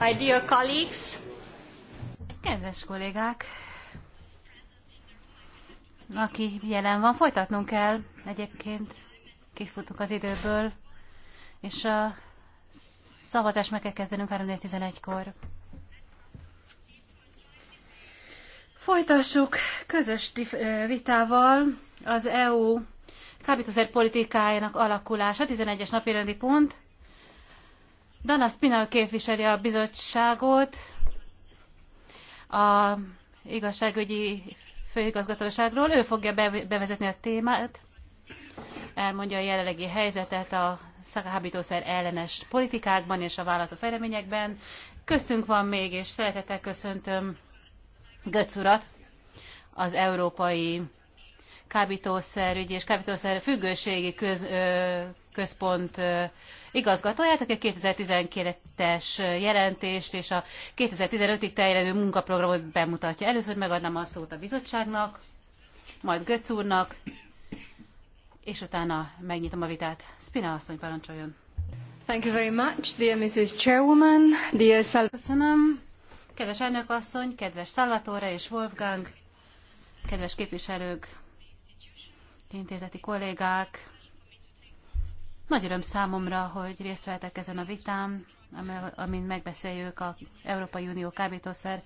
My dear colleagues. Kedves kollégák, aki jelen van, folytatnunk kell egyébként, kifutunk az időből, és a szavazást meg kell kezdenünk 11 kor Folytassuk közös vitával az EU kábítószer politikájának alakulása, 11-es napirendi pont, Dana Spinell képviseli a bizottságot, a igazságügyi főigazgatóságról. Ő fogja bevezetni a témát, elmondja a jelenlegi helyzetet a szakábítószer ellenes politikákban és a vállalati fejleményekben. Köztünk van még, és szeretettel köszöntöm Götz urat, az Európai kábítószerügyi és kábítószer függőségi köz, központ igazgatóját, aki a 2019 es jelentést és a 2015-ig terjedő munkaprogramot bemutatja. Először megadnám a szót a bizottságnak, majd Götz úrnak, és utána megnyitom a vitát. Spina asszony, parancsoljon! Thank you very much, dear Mrs. Chairwoman, dear Sal- Köszönöm, kedves elnök asszony, kedves Salvatore és Wolfgang, kedves képviselők, intézeti kollégák! Nagy öröm számomra, hogy részt vettek ezen a vitán, amin megbeszéljük az Európai Unió kábítószer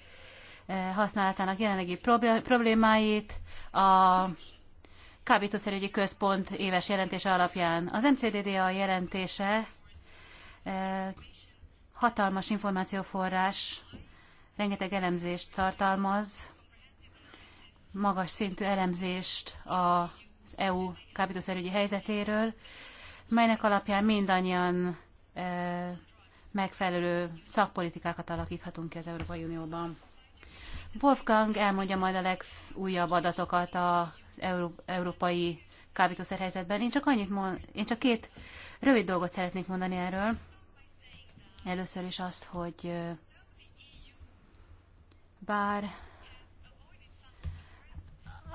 eh, használatának jelenlegi problémáit, a kábítószerügyi központ éves jelentése alapján. Az MCDDA jelentése eh, hatalmas információforrás, rengeteg elemzést tartalmaz, magas szintű elemzést a EU kábítószerügyi helyzetéről, melynek alapján mindannyian e, megfelelő szakpolitikákat alakíthatunk ki az Európai Unióban. Wolfgang elmondja majd a legújabb adatokat az Euró- európai kábítószerhelyzetben. Én csak, annyit mond, én csak két rövid dolgot szeretnék mondani erről. Először is azt, hogy e, bár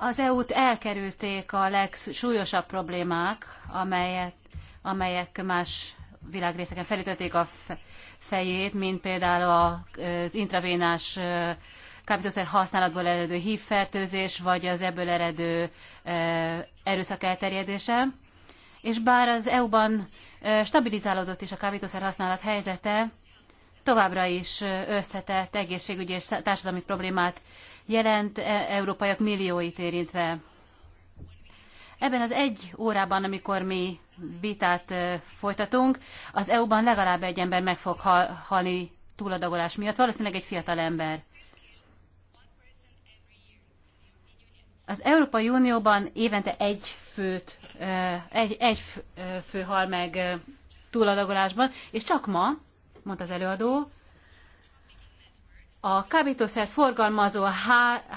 az EU-t elkerülték a legsúlyosabb problémák, amelyet, amelyek más világrészeken felütötték a fejét, mint például az intravénás kábítószer használatból eredő hívfertőzés, vagy az ebből eredő erőszak elterjedése. És bár az EU-ban stabilizálódott is a kábítószer használat helyzete, továbbra is összetett egészségügyi és társadalmi problémát jelent, e, európaiak millióit érintve. Ebben az egy órában, amikor mi vitát e, folytatunk, az EU-ban legalább egy ember meg fog hal halni túladagolás miatt, valószínűleg egy fiatal ember. Az Európai Unióban évente egy főt, e, egy, egy fő hal meg túladagolásban, és csak ma mondta az előadó, a kábítószer forgalmazó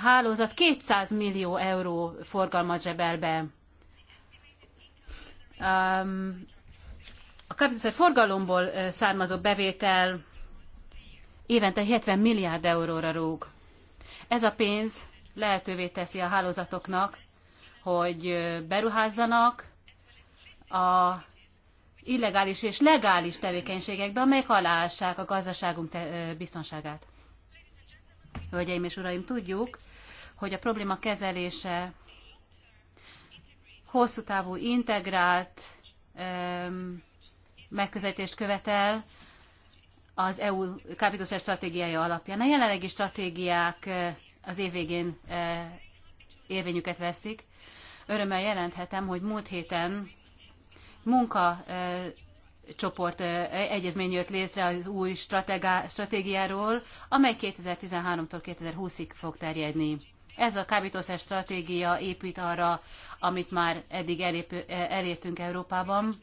hálózat 200 millió euró forgalmat zsebel be. Um, a kábítószer forgalomból származó bevétel évente 70 milliárd euróra rúg. Ez a pénz lehetővé teszi a hálózatoknak, hogy beruházzanak a illegális és legális tevékenységekbe, amelyek aláássák a gazdaságunk biztonságát. Hölgyeim és uraim, tudjuk, hogy a probléma kezelése hosszú távú integrált öm, megközelítést követel az EU kábítószer stratégiája alapján. A jelenlegi stratégiák az év végén érvényüket veszik. Örömmel jelenthetem, hogy múlt héten munka e, csoport e, egyezmény jött létre az új stratégiáról, amely 2013-tól 2020-ig fog terjedni. Ez a kábítószer stratégia épít arra, amit már eddig elép, e, elértünk Európában.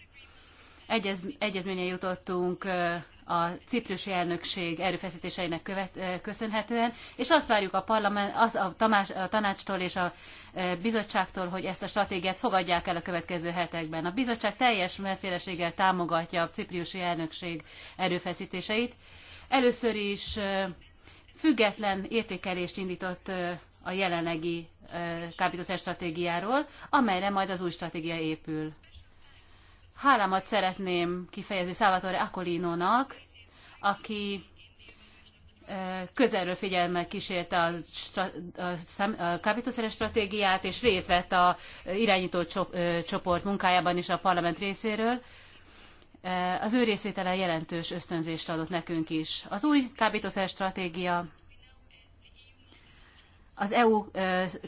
Egyez, egyezménye jutottunk a ciprusi elnökség erőfeszítéseinek követ, köszönhetően, és azt várjuk a, parlament, az, a, tamás, a tanácstól és a bizottságtól, hogy ezt a stratégiát fogadják el a következő hetekben. A bizottság teljes messzéleséggel támogatja a ciprusi elnökség erőfeszítéseit. Először is független értékelést indított a jelenlegi kábítószer stratégiáról, amelyre majd az új stratégia épül. Hálámat szeretném kifejezni Salvatore Akolinónak, aki közelről figyelme kísérte a, a kapitószeres stratégiát, és részt vett a irányító csoport munkájában is a parlament részéről. Az ő részvétele jelentős ösztönzést adott nekünk is. Az új kábítószer stratégia az EU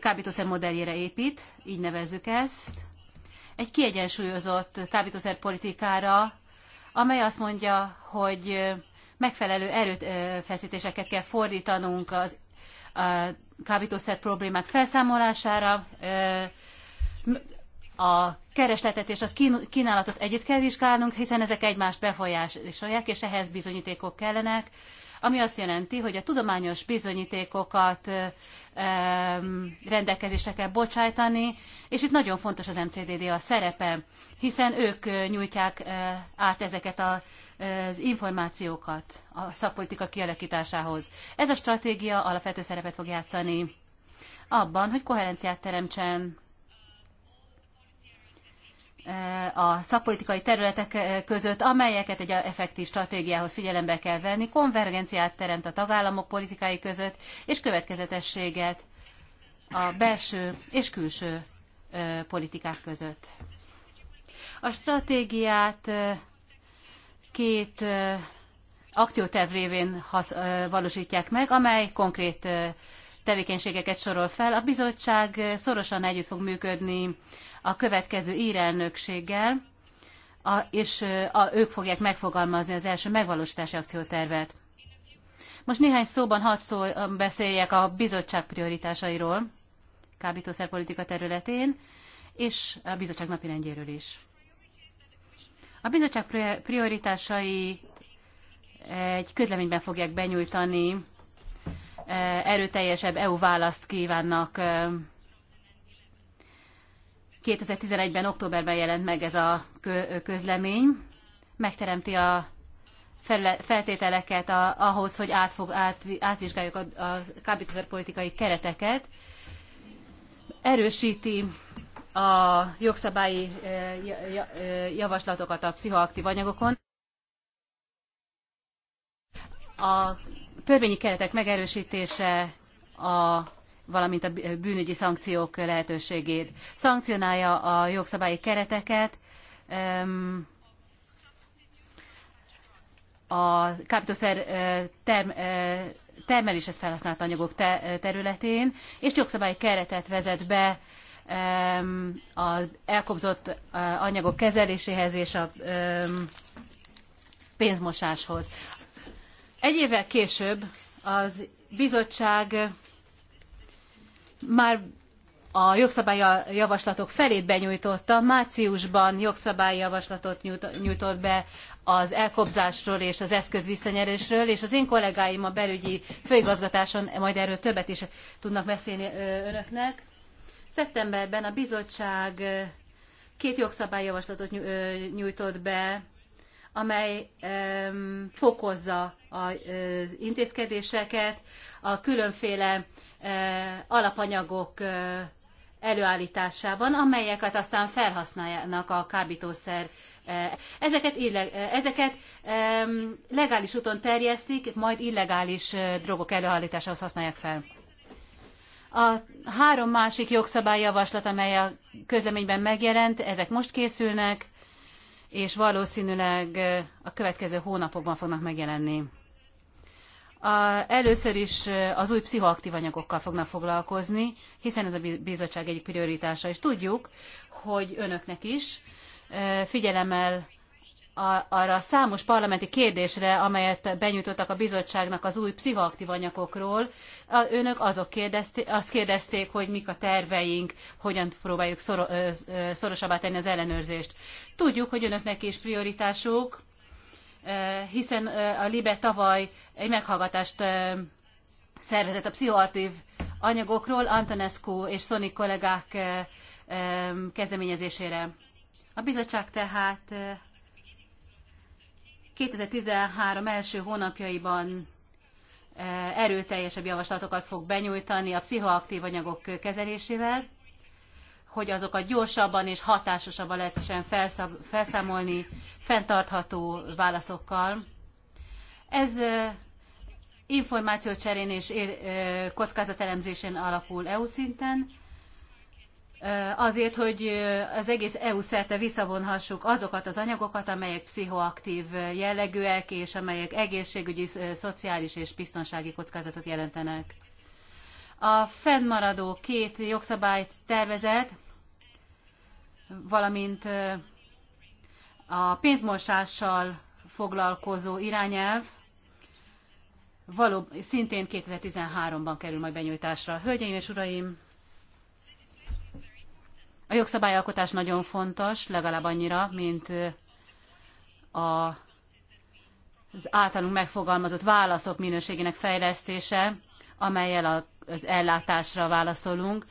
kábítószer modelljére épít, így nevezzük ezt egy kiegyensúlyozott kábítószerpolitikára, amely azt mondja, hogy megfelelő erőfeszítéseket kell fordítanunk az a kábítószer problémák felszámolására, a keresletet és a kínálatot együtt kell vizsgálnunk, hiszen ezek egymást befolyásolják, és ehhez bizonyítékok kellenek, ami azt jelenti, hogy a tudományos bizonyítékokat rendelkezésre kell bocsájtani, és itt nagyon fontos az MCDD a szerepe, hiszen ők nyújtják át ezeket az információkat a szakpolitika kialakításához. Ez a stratégia alapvető szerepet fog játszani abban, hogy koherenciát teremtsen a szakpolitikai területek között, amelyeket egy effektív stratégiához figyelembe kell venni, konvergenciát teremt a tagállamok politikái között, és következetességet a belső és külső politikák között. A stratégiát két akcióterv révén hasz, valósítják meg, amely konkrét tevékenységeket sorol fel. A bizottság szorosan együtt fog működni a következő írelnökséggel, a, és a, ők fogják megfogalmazni az első megvalósítási akciótervet. Most néhány szóban hadd szó, beszéljek a bizottság prioritásairól kábítószerpolitika területén, és a bizottság rendjéről is. A bizottság prioritásai egy közleményben fogják benyújtani, erőteljesebb EU választ kívánnak 2011-ben, októberben jelent meg ez a közlemény, megteremti a feltételeket a, ahhoz, hogy átfog, át, átvizsgáljuk a, a kábítószerpolitikai kereteket, erősíti a jogszabályi javaslatokat a pszichoaktív anyagokon. A törvényi keretek megerősítése a valamint a bűnügyi szankciók lehetőségét. Szankcionálja a jogszabályi kereteket, a kábítószer term, termeléshez felhasznált anyagok területén, és jogszabályi keretet vezet be az elkobzott anyagok kezeléséhez és a pénzmosáshoz. Egy évvel később az bizottság már a jogszabály javaslatok felét benyújtotta, márciusban javaslatot nyújtott be az elkobzásról és az eszköz visszanyerésről, és az én kollégáim a belügyi főigazgatáson majd erről többet is tudnak beszélni önöknek. Szeptemberben a bizottság két jogszabályjavaslatot nyújtott be, amely fokozza az intézkedéseket, a különféle alapanyagok előállításában, amelyeket aztán felhasználnak a kábítószer. Ezeket, illeg, ezeket legális úton terjesztik, majd illegális drogok előállításához használják fel. A három másik jogszabályjavaslat, amely a közleményben megjelent, ezek most készülnek, és valószínűleg a következő hónapokban fognak megjelenni. A, először is az új pszichoaktív anyagokkal fognak foglalkozni, hiszen ez a bizottság egyik prioritása, és tudjuk, hogy önöknek is figyelemmel arra a számos parlamenti kérdésre, amelyet benyújtottak a bizottságnak az új pszichoaktív anyagokról. Önök azok kérdezték, azt kérdezték, hogy mik a terveink, hogyan próbáljuk szorosabbá tenni az ellenőrzést. Tudjuk, hogy önöknek is prioritásuk Eh, hiszen eh, a Libe tavaly egy meghallgatást eh, szervezett a pszichoaktív anyagokról Antonescu és Sony kollégák kezdeményezésére. A bizottság tehát 2013 első hónapjaiban erőteljesebb javaslatokat fog benyújtani a pszichoaktív anyagok kezelésével hogy azokat gyorsabban és hatásosabban lehessen felszámolni fenntartható válaszokkal. Ez információcserén és kockázatelemzésen alapul EU szinten, azért, hogy az egész EU szerte visszavonhassuk azokat az anyagokat, amelyek pszichoaktív jellegűek, és amelyek egészségügyi, szociális és biztonsági kockázatot jelentenek. A fennmaradó két jogszabályt tervezet, valamint a pénzmosással foglalkozó irányelv való, szintén 2013-ban kerül majd benyújtásra. Hölgyeim és uraim, a jogszabályalkotás nagyon fontos, legalább annyira, mint a, az általunk megfogalmazott válaszok minőségének fejlesztése, amelyel a az ellátásra válaszolunk.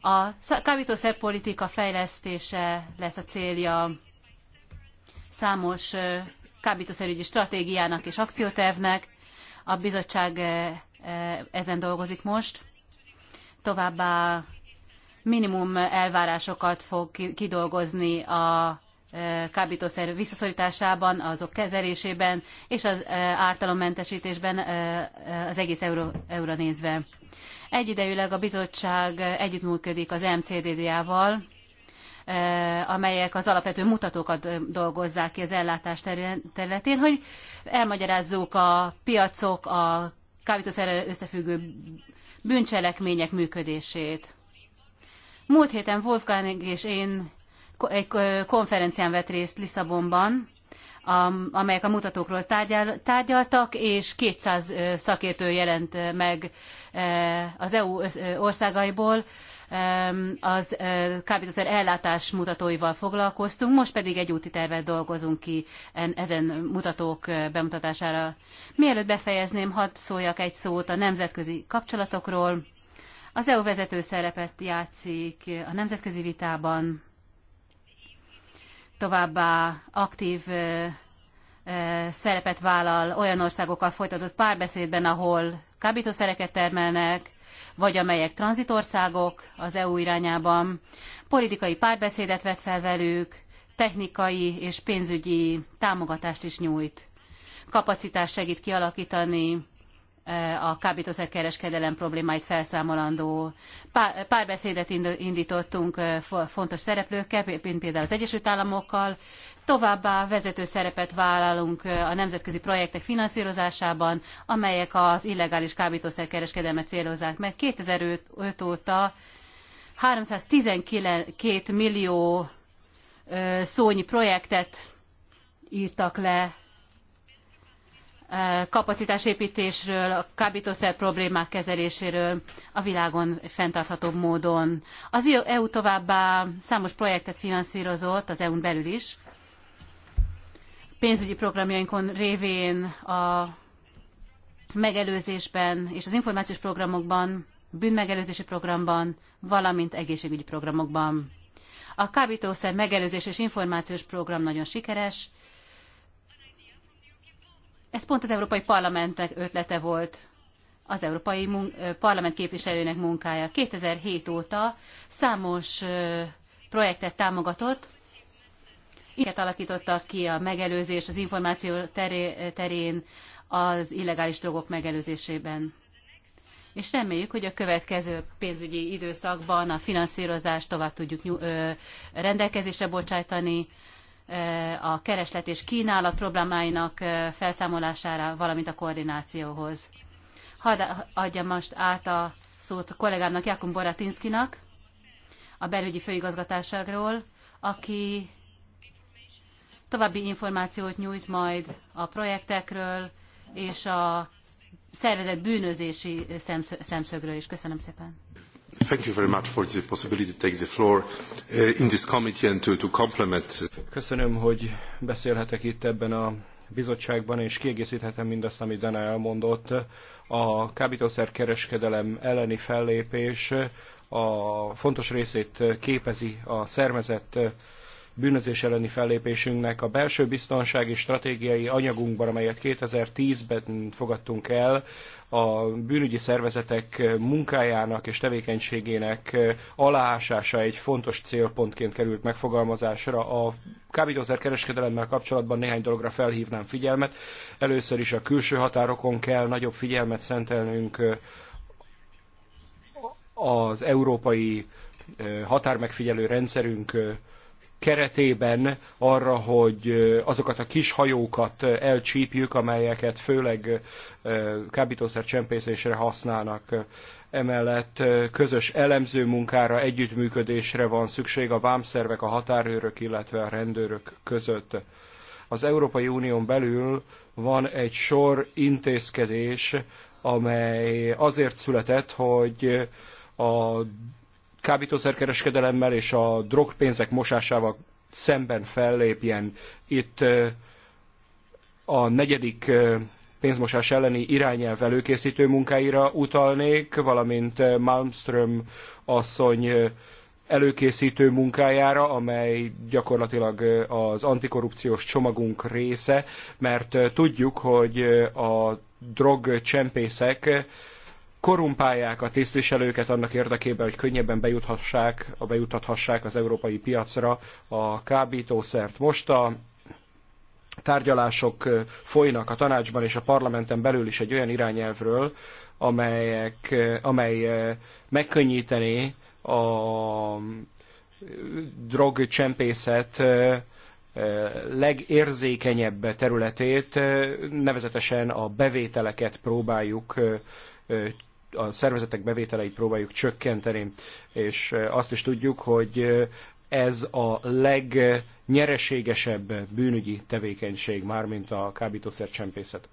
A kábítószerpolitika fejlesztése lesz a célja számos kábítószerügyi stratégiának és akciótervnek. A bizottság ezen dolgozik most. Továbbá minimum elvárásokat fog kidolgozni a kábítószer visszaszorításában, azok kezelésében és az ártalommentesítésben az egész euró, euróra nézve. Egyidejűleg a bizottság együttműködik az MCDDA-val, amelyek az alapvető mutatókat dolgozzák ki az ellátás területén, hogy elmagyarázzuk a piacok, a kábítószerrel összefüggő bűncselekmények működését. Múlt héten Wolfgang és én egy konferencián vett részt Lisszabonban, amelyek a mutatókról tárgyal, tárgyaltak, és 200 szakértő jelent meg az EU országaiból. Az kábítószer ellátás mutatóival foglalkoztunk, most pedig egy úti tervet dolgozunk ki ezen mutatók bemutatására. Mielőtt befejezném, hadd szóljak egy szót a nemzetközi kapcsolatokról. Az EU vezető szerepet játszik a nemzetközi vitában, továbbá aktív szerepet vállal olyan országokkal folytatott párbeszédben, ahol kábítószereket termelnek, vagy amelyek tranzitországok az EU irányában. Politikai párbeszédet vet fel velük, technikai és pénzügyi támogatást is nyújt. Kapacitást segít kialakítani a kábítószerkereskedelem problémáit felszámolandó párbeszédet indítottunk eh, fontos szereplőkkel, mint például az Egyesült Államokkal. Továbbá vezető szerepet vállalunk eh, a nemzetközi projektek finanszírozásában, amelyek az illegális kábítószerkereskedelmet célozzák meg. 2005 óta 312 millió eh, szónyi projektet írtak le kapacitásépítésről, a kábítószer problémák kezeléséről a világon fenntarthatóbb módon. Az EU továbbá számos projektet finanszírozott az EU-n belül is. Pénzügyi programjainkon révén a megelőzésben és az információs programokban, bűnmegelőzési programban, valamint egészségügyi programokban. A kábítószer megelőzés és információs program nagyon sikeres, ez pont az Európai Parlamentnek ötlete volt, az Európai Parlament képviselőnek munkája. 2007 óta számos projektet támogatott, Ilyet alakítottak ki a megelőzés az információ terén, az illegális drogok megelőzésében. És reméljük, hogy a következő pénzügyi időszakban a finanszírozást tovább tudjuk rendelkezésre bocsátani a kereslet és kínálat problémáinak felszámolására, valamint a koordinációhoz. Hadd adjam most át a szót a kollégámnak, Jakub Boratinszkinak, a belügyi főigazgatásságról, aki további információt nyújt majd a projektekről és a szervezet bűnözési szemszögről is. Köszönöm szépen. Thank you very much for the possibility to take the floor uh, in this committee and to, Köszönöm, hogy beszélhetek itt ebben a bizottságban, és kiegészíthetem mindazt, amit Dana elmondott. A kereskedelem elleni fellépés a fontos részét képezi a szervezett bűnözés elleni fellépésünknek a belső biztonsági stratégiai anyagunkban, amelyet 2010-ben fogadtunk el, a bűnügyi szervezetek munkájának és tevékenységének aláásása egy fontos célpontként került megfogalmazásra. A kábítószer kereskedelemmel kapcsolatban néhány dologra felhívnám figyelmet. Először is a külső határokon kell nagyobb figyelmet szentelnünk az európai eh, határmegfigyelő rendszerünk eh, keretében arra, hogy azokat a kis hajókat elcsípjük, amelyeket főleg kábítószer csempészésre használnak. Emellett közös elemző munkára, együttműködésre van szükség a vámszervek, a határőrök, illetve a rendőrök között. Az Európai Unión belül van egy sor intézkedés, amely azért született, hogy a kábítószerkereskedelemmel és a drogpénzek mosásával szemben fellépjen. Itt a negyedik pénzmosás elleni irányelv előkészítő munkáira utalnék, valamint Malmström asszony előkészítő munkájára, amely gyakorlatilag az antikorrupciós csomagunk része, mert tudjuk, hogy a drogcsempészek korumpálják a tisztviselőket annak érdekében, hogy könnyebben bejuthassák, a bejuthathassák az európai piacra a kábítószert. Most a tárgyalások folynak a tanácsban és a parlamenten belül is egy olyan irányelvről, amelyek, amely megkönnyítené a drogcsempészet legérzékenyebb területét, nevezetesen a bevételeket próbáljuk a szervezetek bevételeit próbáljuk csökkenteni, és azt is tudjuk, hogy ez a legnyereségesebb bűnügyi tevékenység, mármint a csempészet.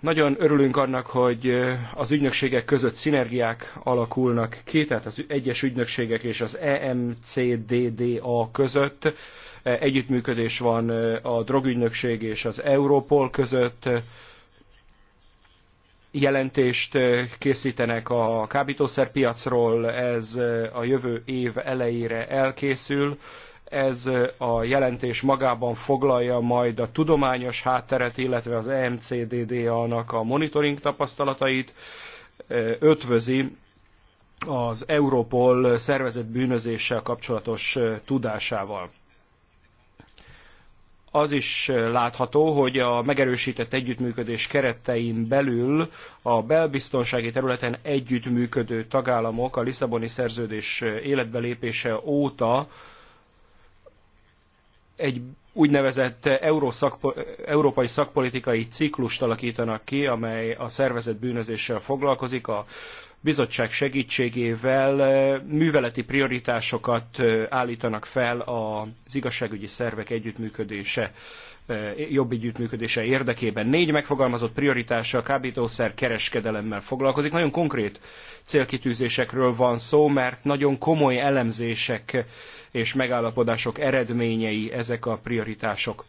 Nagyon örülünk annak, hogy az ügynökségek között szinergiák alakulnak ki, tehát az egyes ügynökségek és az EMCDDA között együttműködés van a drogügynökség és az Europol között, jelentést eh, készítenek a kábítószerpiacról, ez eh, a jövő év elejére elkészül. Ez eh, a jelentés magában foglalja majd a tudományos hátteret, illetve az EMCDDA-nak a monitoring tapasztalatait, ötvözi az Europol szervezett bűnözéssel kapcsolatos tudásával az is látható, hogy a megerősített együttműködés keretein belül a belbiztonsági területen együttműködő tagállamok a Lisszaboni szerződés életbelépése óta egy úgynevezett Euró szakpo, európai szakpolitikai ciklust alakítanak ki, amely a szervezett bűnözéssel foglalkozik, a bizottság segítségével műveleti prioritásokat állítanak fel az igazságügyi szervek együttműködése jobb együttműködése érdekében. Négy megfogalmazott prioritása a kábítószer kereskedelemmel foglalkozik. Nagyon konkrét célkitűzésekről van szó, mert nagyon komoly elemzések és megállapodások eredményei ezek a prioritások.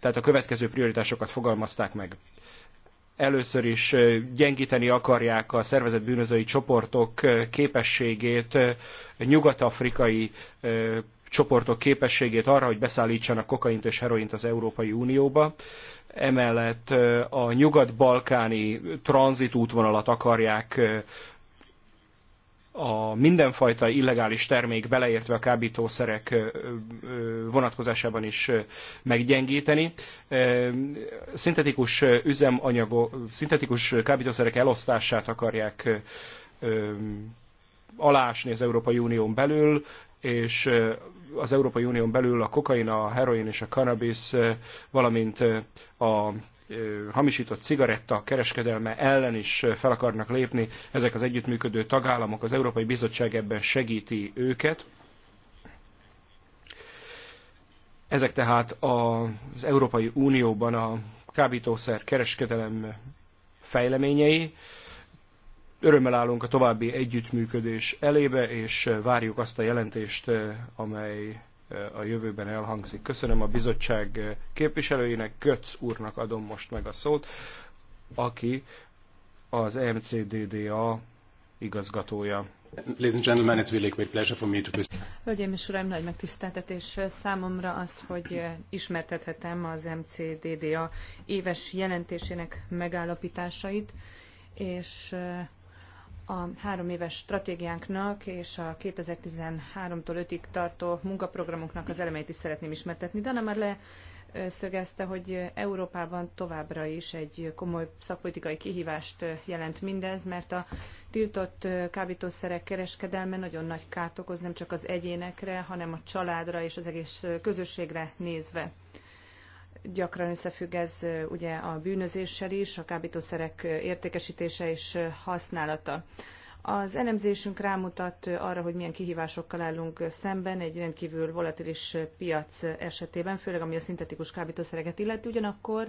Tehát a következő prioritásokat fogalmazták meg. Először is gyengíteni akarják a szervezett bűnözői csoportok képességét, nyugat-afrikai csoportok képességét arra, hogy beszállítsanak kokaint és heroint az Európai Unióba. Emellett a nyugat-balkáni tranzitútvonalat akarják a mindenfajta illegális termék, beleértve a kábítószerek vonatkozásában is meggyengíteni. Szintetikus üzemanyagok, szintetikus kábítószerek elosztását akarják alásni az Európai Unión belül, és az Európai Unión belül a kokain, a heroin és a cannabis, valamint a hamisított cigaretta kereskedelme ellen is fel akarnak lépni. Ezek az együttműködő tagállamok, az Európai Bizottság ebben segíti őket. Ezek tehát az Európai Unióban a kábítószer kereskedelem fejleményei. Örömmel állunk a további együttműködés elébe, és várjuk azt a jelentést, amely a jövőben elhangzik. Köszönöm a bizottság képviselőjének, Götz úrnak adom most meg a szót, aki az MCDDA igazgatója. Ladies and gentlemen, it's really great pleasure for me to Hölgyeim és uraim, nagy megtiszteltetés számomra az, hogy ismertethetem az MCDDA éves jelentésének megállapításait, és a három éves stratégiánknak és a 2013-tól 5-ig tartó munkaprogramunknak az elemeit is szeretném ismertetni. Dana már leszögezte, hogy Európában továbbra is egy komoly szakpolitikai kihívást jelent mindez, mert a tiltott kábítószerek kereskedelme nagyon nagy kárt okoz nem csak az egyénekre, hanem a családra és az egész közösségre nézve gyakran összefügg ez ugye a bűnözéssel is, a kábítószerek értékesítése és használata. Az elemzésünk rámutat arra, hogy milyen kihívásokkal állunk szemben egy rendkívül volatilis piac esetében, főleg ami a szintetikus kábítószereket illeti, ugyanakkor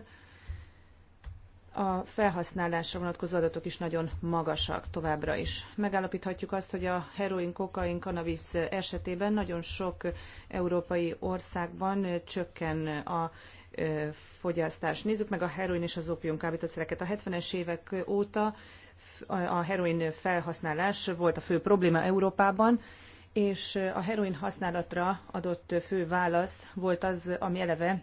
a felhasználásra vonatkozó adatok is nagyon magasak továbbra is. Megállapíthatjuk azt, hogy a heroin, kokain, kanabisz esetében nagyon sok európai országban csökken a fogyasztás. Nézzük meg a heroin és az opium kábítószereket. A 70-es évek óta a heroin felhasználás volt a fő probléma Európában, és a heroin használatra adott fő válasz volt az, ami eleve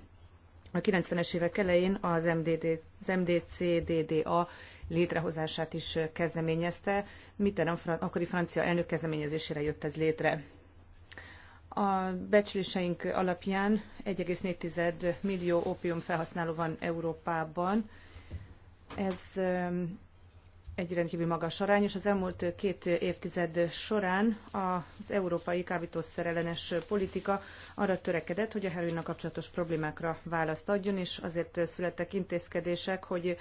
a 90-es évek elején az, MDD, az MDCDDA létrehozását is kezdeményezte. Mitterrand, akkori francia elnök kezdeményezésére jött ez létre. A becsléseink alapján 1,4 millió ópium felhasználó van Európában. Ez egy rendkívül magas arány, és az elmúlt két évtized során az európai ellenes politika arra törekedett, hogy a heroinnal kapcsolatos problémákra választ adjon, és azért születtek intézkedések, hogy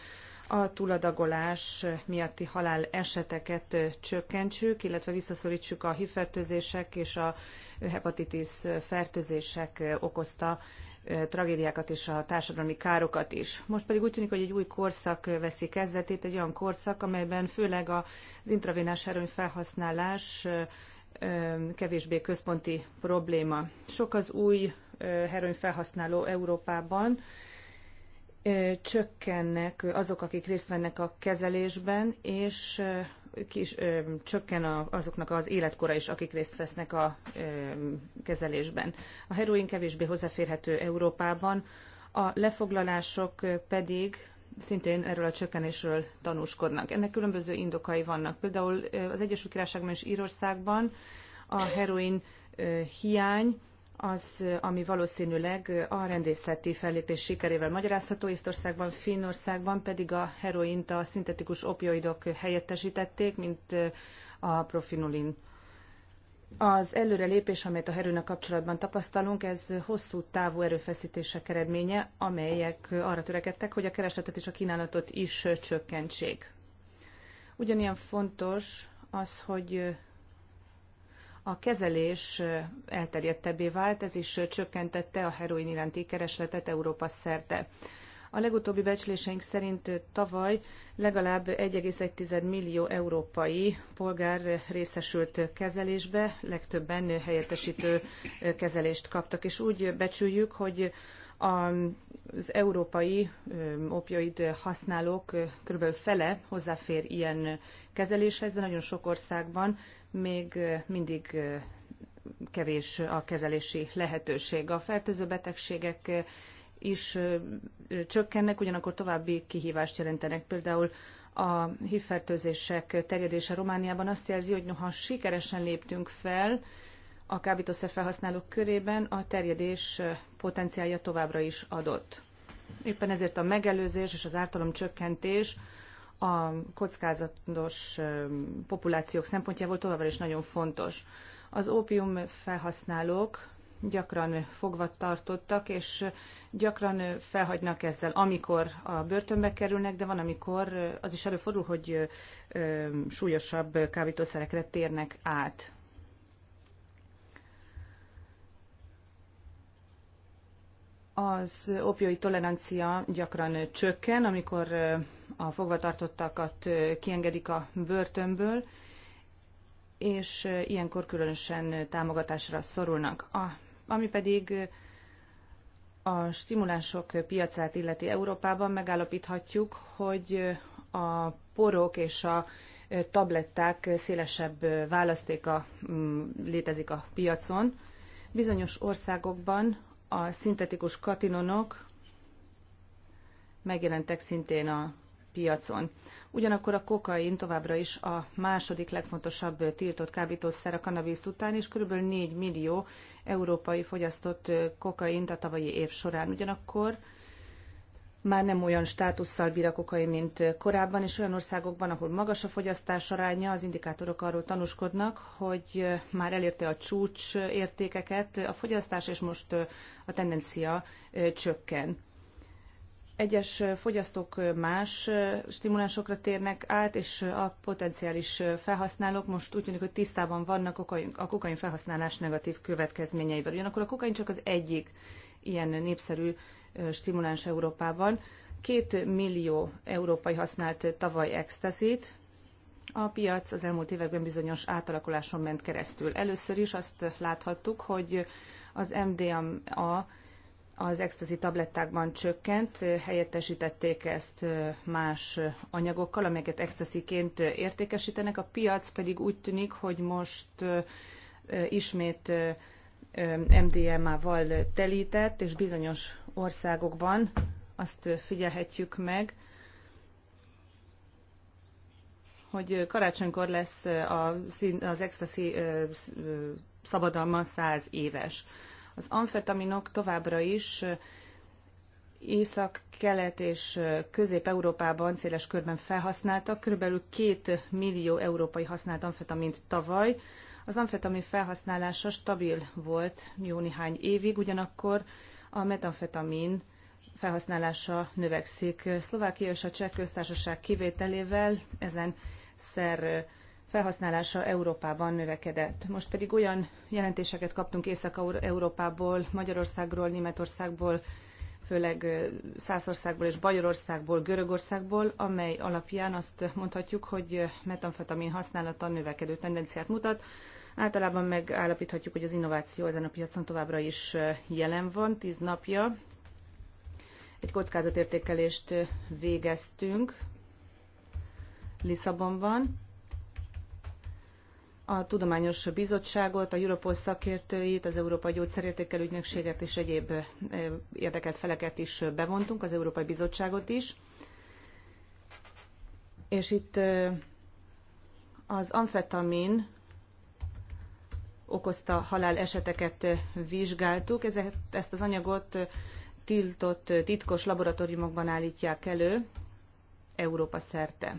a túladagolás miatti halál eseteket csökkentsük, illetve visszaszorítsuk a hívfertőzések és a hepatitis fertőzések okozta tragédiákat és a társadalmi károkat is. Most pedig úgy tűnik, hogy egy új korszak veszi kezdetét, egy olyan korszak, amelyben főleg az intravénás heroin felhasználás kevésbé központi probléma. Sok az új heroin felhasználó Európában, csökkennek azok, akik részt vennek a kezelésben, és kis, ö, csökken a, azoknak az életkora is, akik részt vesznek a ö, kezelésben. A heroin kevésbé hozzáférhető Európában, a lefoglalások pedig szintén erről a csökkenésről tanúskodnak. Ennek különböző indokai vannak. Például az Egyesült Királyságban és Írországban a heroin ö, hiány az, ami valószínűleg a rendészeti fellépés sikerével magyarázható, Észtországban, Finnországban pedig a heroint a szintetikus opioidok helyettesítették, mint eh, a profinulin. Az előrelépés, amelyet a herőnek kapcsolatban tapasztalunk, ez hosszú távú erőfeszítések eredménye, amelyek arra törekedtek, hogy a keresletet és a kínálatot is csökkentsék. Ugyanilyen fontos az, hogy a kezelés elterjedtebbé vált, ez is csökkentette a heroin iránti keresletet Európa szerte. A legutóbbi becsléseink szerint tavaly legalább 1,1 millió európai polgár részesült kezelésbe, legtöbben helyettesítő kezelést kaptak, és úgy becsüljük, hogy az európai opioid használók kb. fele hozzáfér ilyen kezeléshez, de nagyon sok országban még mindig kevés a kezelési lehetőség. A fertőző betegségek is csökkennek, ugyanakkor további kihívást jelentenek. Például a hívfertőzések terjedése Romániában azt jelzi, hogy noha sikeresen léptünk fel a kábítószer felhasználók körében, a terjedés potenciálja továbbra is adott. Éppen ezért a megelőzés és az ártalom csökkentés a kockázatos populációk szempontjából továbbra is nagyon fontos. Az ópium felhasználók gyakran fogva tartottak, és gyakran felhagynak ezzel, amikor a börtönbe kerülnek, de van, amikor az is előfordul, hogy súlyosabb kábítószerekre térnek át. Az opioid tolerancia gyakran csökken, amikor a fogvatartottakat kiengedik a börtönből, és ilyenkor különösen támogatásra szorulnak. A, ami pedig a stimulások piacát illeti Európában megállapíthatjuk, hogy a porok és a tabletták szélesebb választéka mm, létezik a piacon. Bizonyos országokban a szintetikus katinonok megjelentek szintén a piacon. Ugyanakkor a kokain továbbra is a második legfontosabb tiltott kábítószer a kanabisz után, és kb. 4 millió európai fogyasztott kokaint a tavalyi év során. Ugyanakkor már nem olyan státusszal bír a kokain, mint korábban, és olyan országokban, ahol magas a fogyasztás aránya, az indikátorok arról tanúskodnak, hogy már elérte a csúcs értékeket a fogyasztás, és most a tendencia csökken. Egyes fogyasztók más stimulánsokra térnek át, és a potenciális felhasználók most úgy tűnik, hogy tisztában vannak a kokain felhasználás negatív következményeivel. Ugyanakkor a kokain csak az egyik ilyen népszerű stimuláns Európában. Két millió európai használt tavaly extazit, a piac az elmúlt években bizonyos átalakuláson ment keresztül. Először is azt láthattuk, hogy az MDMA az ecstasy tablettákban csökkent, helyettesítették ezt más anyagokkal, amelyeket ecstasy értékesítenek. A piac pedig úgy tűnik, hogy most ismét MDMA-val telített, és bizonyos országokban azt figyelhetjük meg, hogy karácsonykor lesz az ecstasy szabadalma száz éves. Az amfetaminok továbbra is Észak-Kelet és Közép-Európában széles körben felhasználtak. Körülbelül két millió európai használt amfetamint tavaly. Az amfetamin felhasználása stabil volt jó néhány évig, ugyanakkor a metamfetamin felhasználása növekszik. Szlovákia és a Cseh köztársaság kivételével ezen szer felhasználása Európában növekedett. Most pedig olyan jelentéseket kaptunk Észak-Európából, Magyarországról, Németországból, főleg Szászországból és Bajorországból, Görögországból, amely alapján azt mondhatjuk, hogy metamfetamin használata növekedő tendenciát mutat. Általában megállapíthatjuk, hogy az innováció ezen a piacon továbbra is jelen van, tíz napja. Egy kockázatértékelést végeztünk Lisszabonban, a Tudományos Bizottságot, a Europol szakértőit, az Európai Gyógyszerértékelő Ügynökséget és egyéb érdekelt feleket is bevontunk, az Európai Bizottságot is. És itt az amfetamin okozta halál eseteket vizsgáltuk. Ezt az anyagot tiltott titkos laboratóriumokban állítják elő Európa szerte.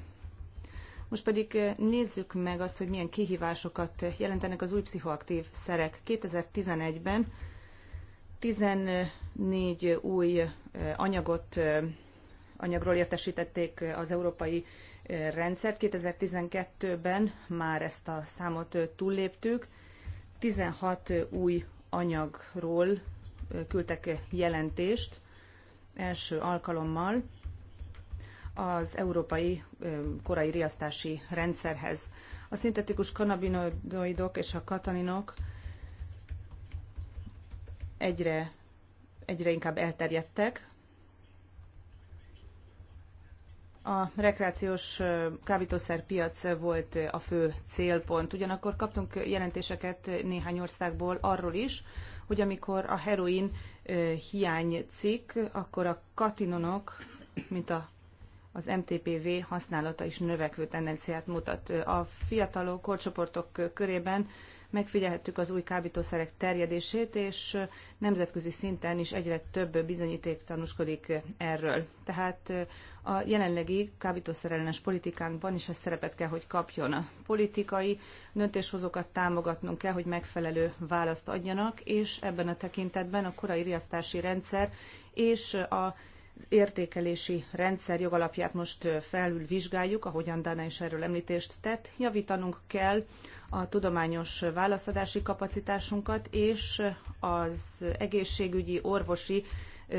Most pedig eh, nézzük meg azt, hogy milyen kihívásokat jelentenek az új pszichoaktív szerek. 2011-ben 14 új eh, anyagot, eh, anyagról értesítették az európai rendszert. 2012-ben már ezt a számot túlléptük. 16 új anyagról küldtek jelentést első alkalommal az európai korai riasztási rendszerhez. A szintetikus kanabinoidok és a kataninok egyre, egyre inkább elterjedtek. A rekreációs kábítószerpiac volt a fő célpont. Ugyanakkor kaptunk jelentéseket néhány országból arról is, hogy amikor a heroin cikk, akkor a katinonok, mint a az MTPV használata is növekvő tendenciát mutat. A fiatalok korcsoportok körében megfigyelhettük az új kábítószerek terjedését, és nemzetközi szinten is egyre több bizonyíték tanúskodik erről. Tehát a jelenlegi kábítószerellenes politikánkban is ez szerepet kell, hogy kapjon. A politikai döntéshozókat támogatnunk kell, hogy megfelelő választ adjanak, és ebben a tekintetben a korai riasztási rendszer és a értékelési rendszer jogalapját most felül vizsgáljuk, ahogyan Dana is erről említést tett. Javítanunk kell a tudományos válaszadási kapacitásunkat, és az egészségügyi, orvosi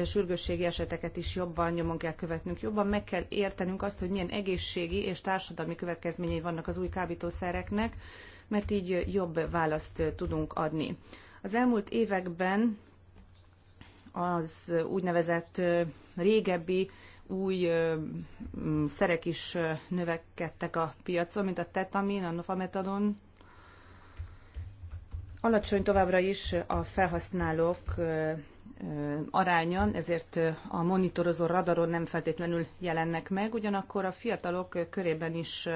sürgősségi eseteket is jobban nyomon kell követnünk, jobban meg kell értenünk azt, hogy milyen egészségi és társadalmi következményei vannak az új kábítószereknek, mert így jobb választ tudunk adni. Az elmúlt években az úgynevezett régebbi új szerek is növekedtek a piacon, mint a tetamin, a nofametadon. Alacsony továbbra is a felhasználók aránya, ezért a monitorozó radaron nem feltétlenül jelennek meg, ugyanakkor a fiatalok körében is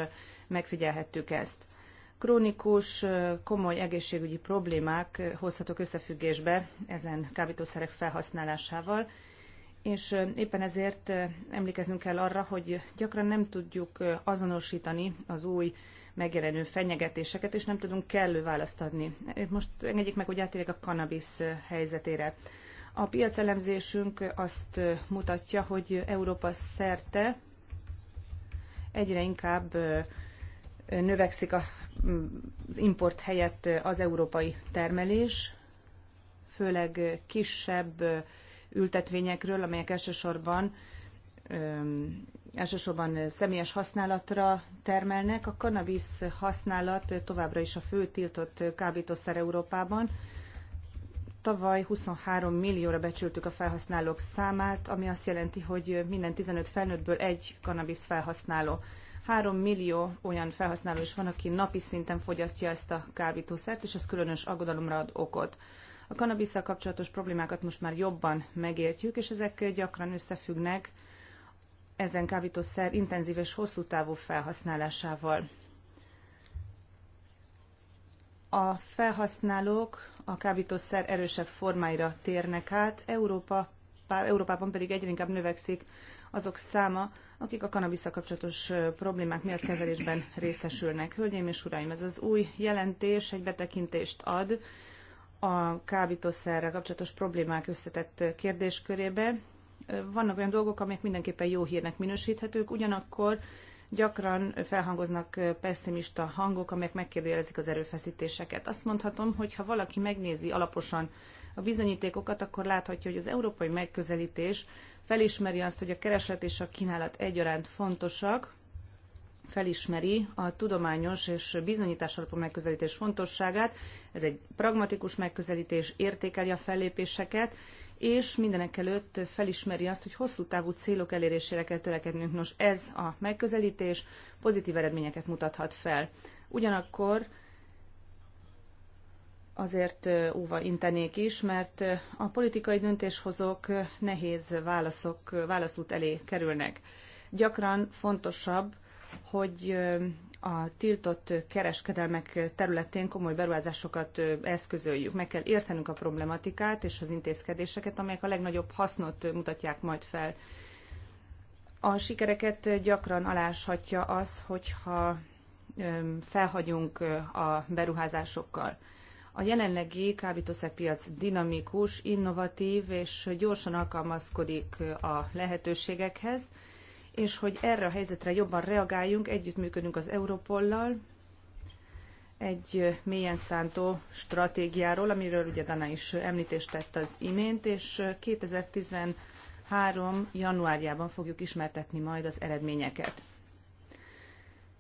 megfigyelhettük ezt. Krónikus, komoly egészségügyi problémák hozhatók összefüggésbe ezen kábítószerek felhasználásával, és éppen ezért emlékeznünk kell arra, hogy gyakran nem tudjuk azonosítani az új megjelenő fenyegetéseket, és nem tudunk kellő választ adni. Most engedjék meg, hogy átérjek a kannabisz helyzetére. A piacelemzésünk azt mutatja, hogy Európa szerte egyre inkább növekszik mm, az import helyett az európai termelés, főleg kisebb ültetvényekről, amelyek elsősorban elsősorban személyes használatra termelnek. A kannabisz használat továbbra is a fő tiltott kábítószer Európában. Tavaly 23 millióra becsültük a felhasználók számát, ami azt jelenti, hogy minden 15 felnőttből egy kannabisz felhasználó. 3 millió olyan felhasználó is van, aki napi szinten fogyasztja ezt a kábítószert, és ez különös aggodalomra ad okot. A kanabisszal kapcsolatos problémákat most már jobban megértjük, és ezek gyakran összefüggnek ezen kábítószer intenzív és hosszú távú felhasználásával. A felhasználók a kábítószer erősebb formáira térnek át, Európa, Európában pedig egyre inkább növekszik azok száma, akik a kanabisza kapcsolatos problémák miatt kezelésben részesülnek. Hölgyeim és uraim, ez az új jelentés egy betekintést ad a kábítószerrel kapcsolatos problémák összetett kérdéskörébe. Vannak olyan dolgok, amelyek mindenképpen jó hírnek minősíthetők, ugyanakkor gyakran felhangoznak pessimista hangok, amelyek megkérdőjelezik az erőfeszítéseket. Azt mondhatom, hogy ha valaki megnézi alaposan a bizonyítékokat, akkor láthatja, hogy az európai megközelítés felismeri azt, hogy a kereslet és a kínálat egyaránt fontosak, felismeri a tudományos és bizonyítás alapú megközelítés fontosságát. Ez egy pragmatikus megközelítés, értékeli a fellépéseket, és mindenek előtt felismeri azt, hogy hosszú távú célok elérésére kell törekednünk. Nos, ez a megközelítés pozitív eredményeket mutathat fel. Ugyanakkor azért óva intenék is, mert a politikai döntéshozók nehéz válaszok, válaszút elé kerülnek. Gyakran fontosabb hogy a tiltott kereskedelmek területén komoly beruházásokat eszközöljük. Meg kell értenünk a problematikát és az intézkedéseket, amelyek a legnagyobb hasznot mutatják majd fel. A sikereket gyakran aláshatja az, hogyha felhagyunk a beruházásokkal. A jelenlegi kábítószerpiac dinamikus, innovatív és gyorsan alkalmazkodik a lehetőségekhez, és hogy erre a helyzetre jobban reagáljunk, együttműködünk az Európollal, egy mélyen szántó stratégiáról, amiről ugye Dana is említést tett az imént, és 2013. januárjában fogjuk ismertetni majd az eredményeket.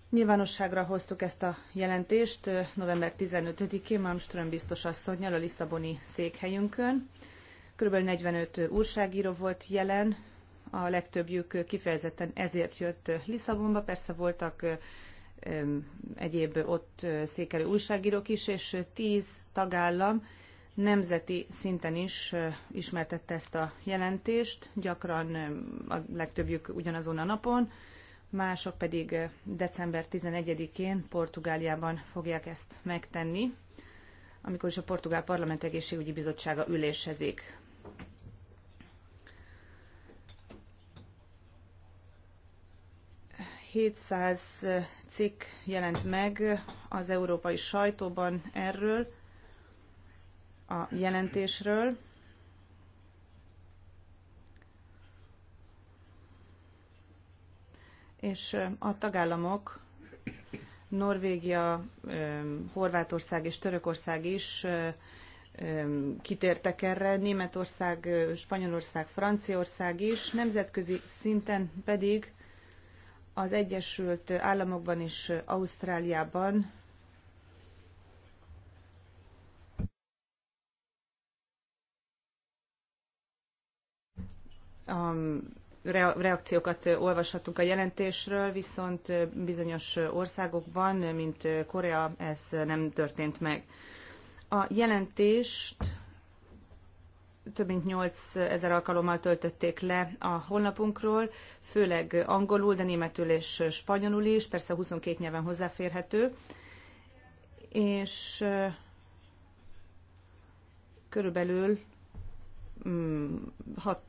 Nyilvánosságra hoztuk ezt a jelentést november 15-én Malmström biztos asszonynal a Lisszaboni székhelyünkön. Körülbelül 45 újságíró volt jelen, a legtöbbjük kifejezetten ezért jött Lisszabonba, persze voltak egyéb ott székelő újságírók is, és tíz tagállam nemzeti szinten is ismertette ezt a jelentést, gyakran a legtöbbjük ugyanazon a napon, mások pedig december 11-én Portugáliában fogják ezt megtenni, amikor is a Portugál Parlament Egészségügyi Bizottsága ülésezik. 700 cikk jelent meg az európai sajtóban erről, a jelentésről. És a tagállamok, Norvégia, Horvátország és Törökország is kitértek erre, Németország, Spanyolország, Franciaország is, nemzetközi szinten pedig az Egyesült Államokban és Ausztráliában a reakciókat olvashatunk a jelentésről, viszont bizonyos országokban, mint Korea, ez nem történt meg. A jelentést több mint 8 ezer alkalommal töltötték le a honlapunkról, főleg angolul, de németül és spanyolul is, persze 22 nyelven hozzáférhető, és körülbelül mm, hat,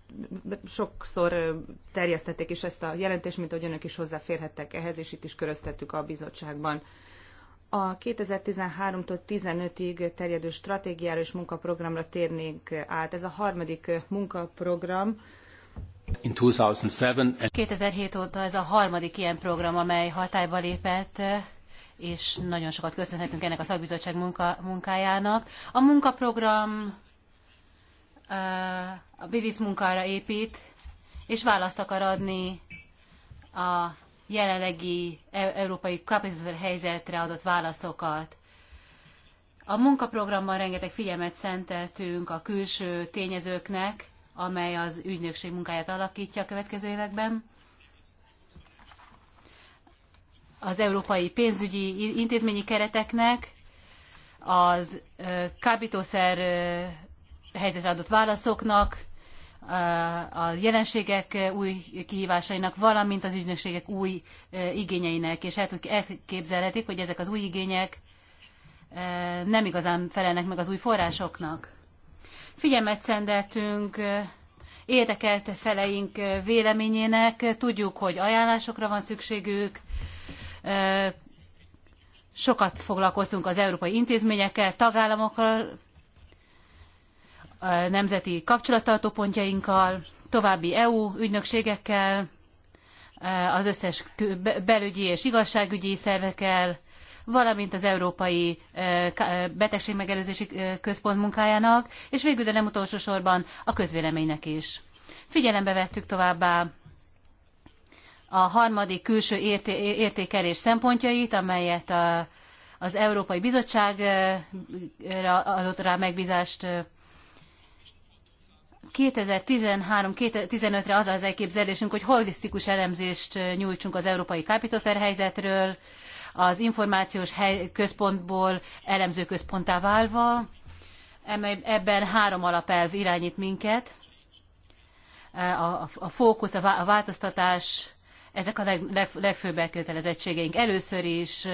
sokszor terjesztették is ezt a jelentést, mint ahogy önök is hozzáférhettek ehhez, és itt is köröztettük a bizottságban. A 2013-tól 15-ig terjedő stratégiára és munkaprogramra térnénk át. Ez a harmadik munkaprogram. 2007 óta ez a harmadik ilyen program, amely hatályba lépett és nagyon sokat köszönhetünk ennek a szakbizottság munka, munkájának. A munkaprogram a Bivis munkára épít, és választ akar adni a jelenlegi e- európai kapitalizmus helyzetre adott válaszokat. A munkaprogramban rengeteg figyelmet szenteltünk a külső tényezőknek, amely az ügynökség munkáját alakítja a következő években. Az európai pénzügyi intézményi kereteknek, az kábítószer helyzetre adott válaszoknak, a jelenségek új kihívásainak, valamint az ügynökségek új e, igényeinek, és hát elképzelhetik, hogy ezek az új igények e, nem igazán felelnek meg az új forrásoknak. Figyelmet szendeltünk e, érdekelt feleink véleményének, tudjuk, hogy ajánlásokra van szükségük, sokat foglalkoztunk az európai intézményekkel, tagállamokkal, nemzeti kapcsolattartó pontjainkkal, további EU ügynökségekkel, eh, az összes belügyi és igazságügyi szervekkel, valamint az Európai eh, eh, Betegségmegelőzési Központ munkájának, és végül, de nem utolsó sorban a közvéleménynek is. Figyelembe vettük továbbá a harmadik külső értékelés szempontjait, amelyet a, az Európai Bizottságra adott rá megbízást 2013-2015-re az az elképzelésünk, hogy holisztikus elemzést nyújtsunk az európai kábítószer helyzetről, az információs hely, központból elemzőközponttá válva. Ebben három alapelv irányít minket. A, a, a fókusz, a, a változtatás, ezek a leg, leg, legfőbb elkötelezettségeink. Először is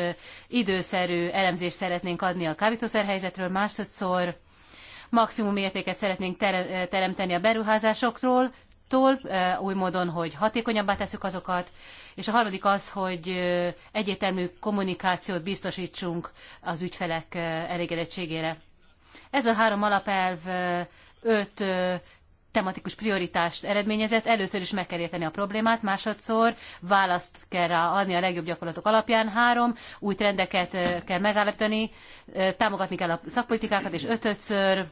időszerű elemzést szeretnénk adni a kábítószer helyzetről, másodszor maximum értéket szeretnénk teremteni a beruházásoktól, tól, új módon, hogy hatékonyabbá tesszük azokat, és a harmadik az, hogy egyértelmű kommunikációt biztosítsunk az ügyfelek elégedettségére. Ez a három alapelv öt tematikus prioritást eredményezett. Először is meg kell érteni a problémát, másodszor választ kell rá adni a legjobb gyakorlatok alapján, három, új trendeket kell megállapítani, támogatni kell a szakpolitikákat, és ötödször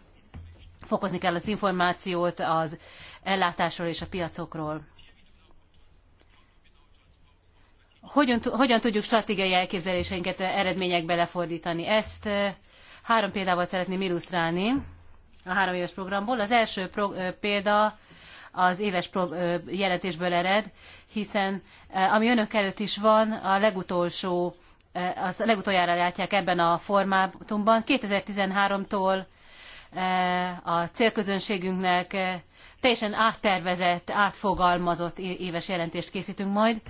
fokozni kell az információt az ellátásról és a piacokról. Hogyan, hogyan tudjuk stratégiai elképzeléseinket eredményekbe lefordítani? Ezt három példával szeretném illusztrálni a három éves programból. Az első pro, példa az éves pro, jelentésből ered, hiszen ami önök előtt is van, a legutolsó, az legutoljára látják ebben a formátumban. 2013-tól a célközönségünknek, eh, teljesen áttervezett, átfogalmazott éves jelentést készítünk majd.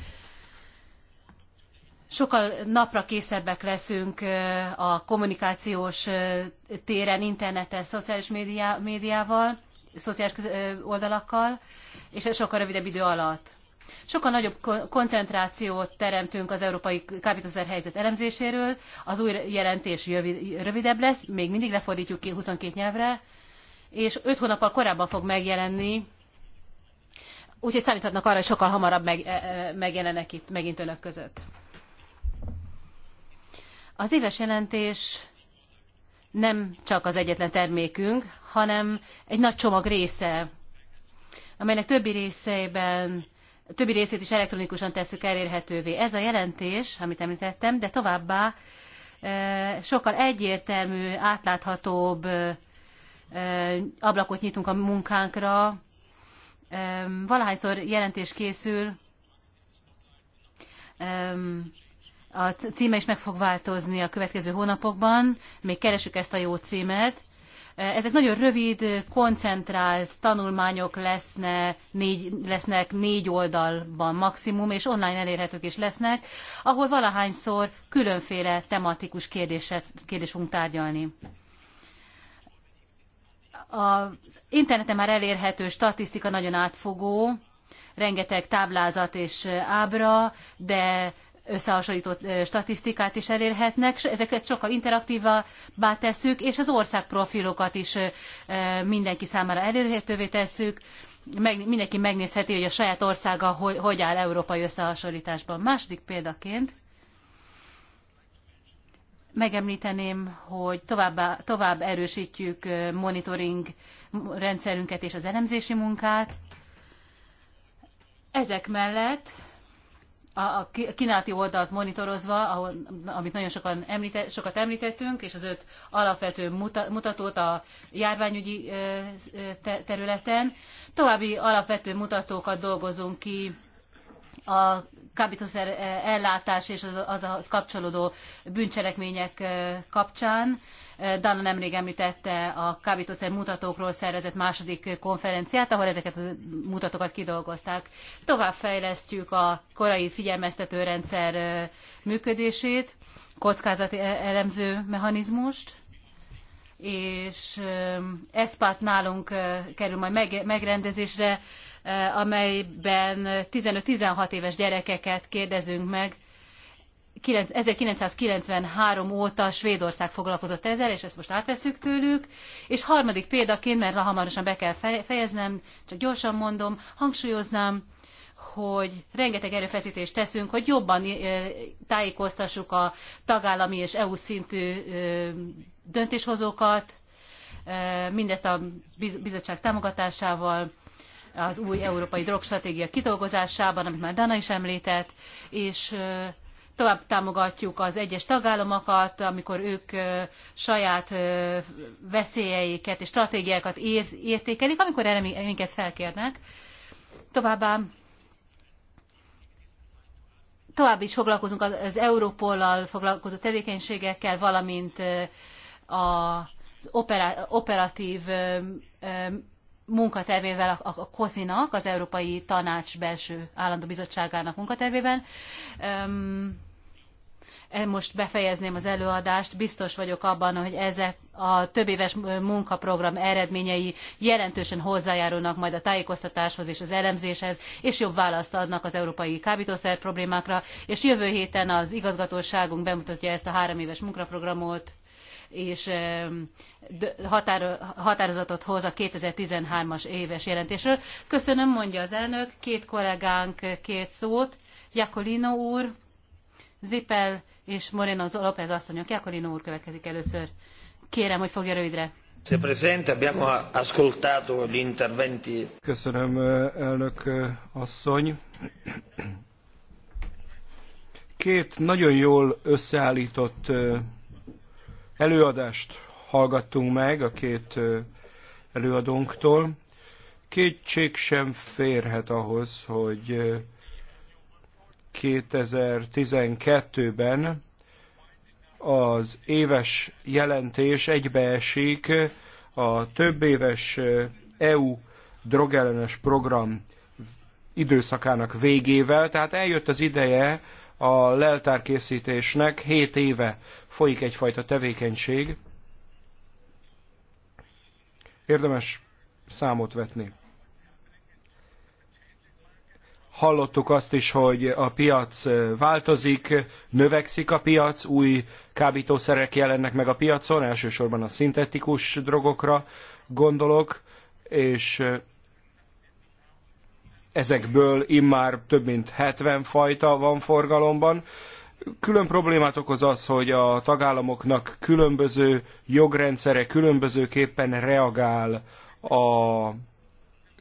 Sokkal napra készebbek leszünk eh, a kommunikációs eh, téren, interneten, szociális médiá, médiával, szociális oldalakkal, és ez sokkal rövidebb idő alatt. Sokkal nagyobb koncentrációt teremtünk az európai kábítószer helyzet elemzéséről, az új jelentés rövidebb lesz, még mindig lefordítjuk 22 nyelvre, és 5 hónappal korábban fog megjelenni, úgyhogy számíthatnak arra, hogy sokkal hamarabb meg, e, e, megjelenek itt megint önök között. Az éves jelentés nem csak az egyetlen termékünk, hanem egy nagy csomag része, amelynek többi részeiben a többi részét is elektronikusan tesszük elérhetővé. Ez a jelentés, amit említettem, de továbbá e, sokkal egyértelmű, átláthatóbb e, e, ablakot nyitunk a munkánkra. Valahányszor jelentés készül, a címe is meg fog változni a következő hónapokban, még keresük ezt a jó címet, ezek nagyon rövid, koncentrált tanulmányok lesznek négy, lesznek négy oldalban maximum, és online elérhetők is lesznek, ahol valahányszor különféle tematikus kérdéset, kérdést fogunk tárgyalni az interneten már elérhető statisztika nagyon átfogó, rengeteg táblázat és ábra, de összehasonlított statisztikát is elérhetnek, ezeket sokkal interaktívá tesszük, és az országprofilokat is mindenki számára elérhetővé tesszük, meg, mindenki megnézheti, hogy a saját országa hogy, hogy áll európai összehasonlításban. Második példaként megemlíteném, hogy tovább erősítjük monitoring rendszerünket és az elemzési munkát. Ezek mellett a kínálati oldalt monitorozva, ahol, amit nagyon sokan említe, sokat említettünk, és az öt alapvető mutatót a járványügyi területen. További alapvető mutatókat dolgozunk ki a kábítószer ellátás és az, az, az kapcsolódó bűncselekmények kapcsán Dana nemrég említette a kábítószer mutatókról szervezett második konferenciát, ahol ezeket a mutatókat kidolgozták. Továbbfejlesztjük a korai figyelmeztető rendszer működését, kockázati e- elemző mechanizmust, és ESPAT nálunk kerül majd megrendezésre, amelyben 15-16 éves gyerekeket kérdezünk meg 1993 óta Svédország foglalkozott ezzel, és ezt most átveszük tőlük. És harmadik példaként, mert hamarosan be kell fejeznem, csak gyorsan mondom, hangsúlyoznám, hogy rengeteg erőfeszítést teszünk, hogy jobban tájékoztassuk a tagállami és EU szintű döntéshozókat, mindezt a bizottság támogatásával, az új európai drogstratégia kidolgozásában, amit már Dana is említett, és tovább támogatjuk az egyes tagállamokat, amikor ők saját veszélyeiket és stratégiákat értékelik, amikor erre minket felkérnek. Továbbá tovább is foglalkozunk az Európollal foglalkozó tevékenységekkel, valamint az operatív munkatervével a, kozinak, az Európai Tanács belső állandó bizottságának munkatervében. Um, E, most befejezném az előadást, biztos vagyok abban, hogy ezek a éves munkaprogram eredményei jelentősen hozzájárulnak majd a tájékoztatáshoz és az elemzéshez, és jobb választ adnak az európai kábítószer problémákra, és jövő héten az igazgatóságunk bemutatja ezt a három éves munkaprogramot, és e, határ, határozatot hoz a 2013-as éves jelentésről. Köszönöm, mondja az elnök, két kollégánk két szót, Jakolino úr, Zipel és Moreno López asszonyok. Jakolino úr következik először. Kérem, hogy fogja rövidre. Köszönöm, elnök asszony. Két nagyon jól összeállított előadást hallgattunk meg a két előadónktól. Kétség sem férhet ahhoz, hogy 2012-ben az éves jelentés egybeesik a több éves EU eh, e drogellenes program időszakának végével, tehát eljött az ideje a leltárkészítésnek, 7 éve folyik egyfajta tevékenység. Érdemes számot vetni Hallottuk azt is, hogy a piac változik, növekszik a piac, új kábítószerek jelennek meg a piacon, elsősorban a szintetikus drogokra gondolok, és ezekből immár több mint 70 fajta van forgalomban. Külön problémát okoz az, hogy a tagállamoknak különböző jogrendszere különbözőképpen reagál a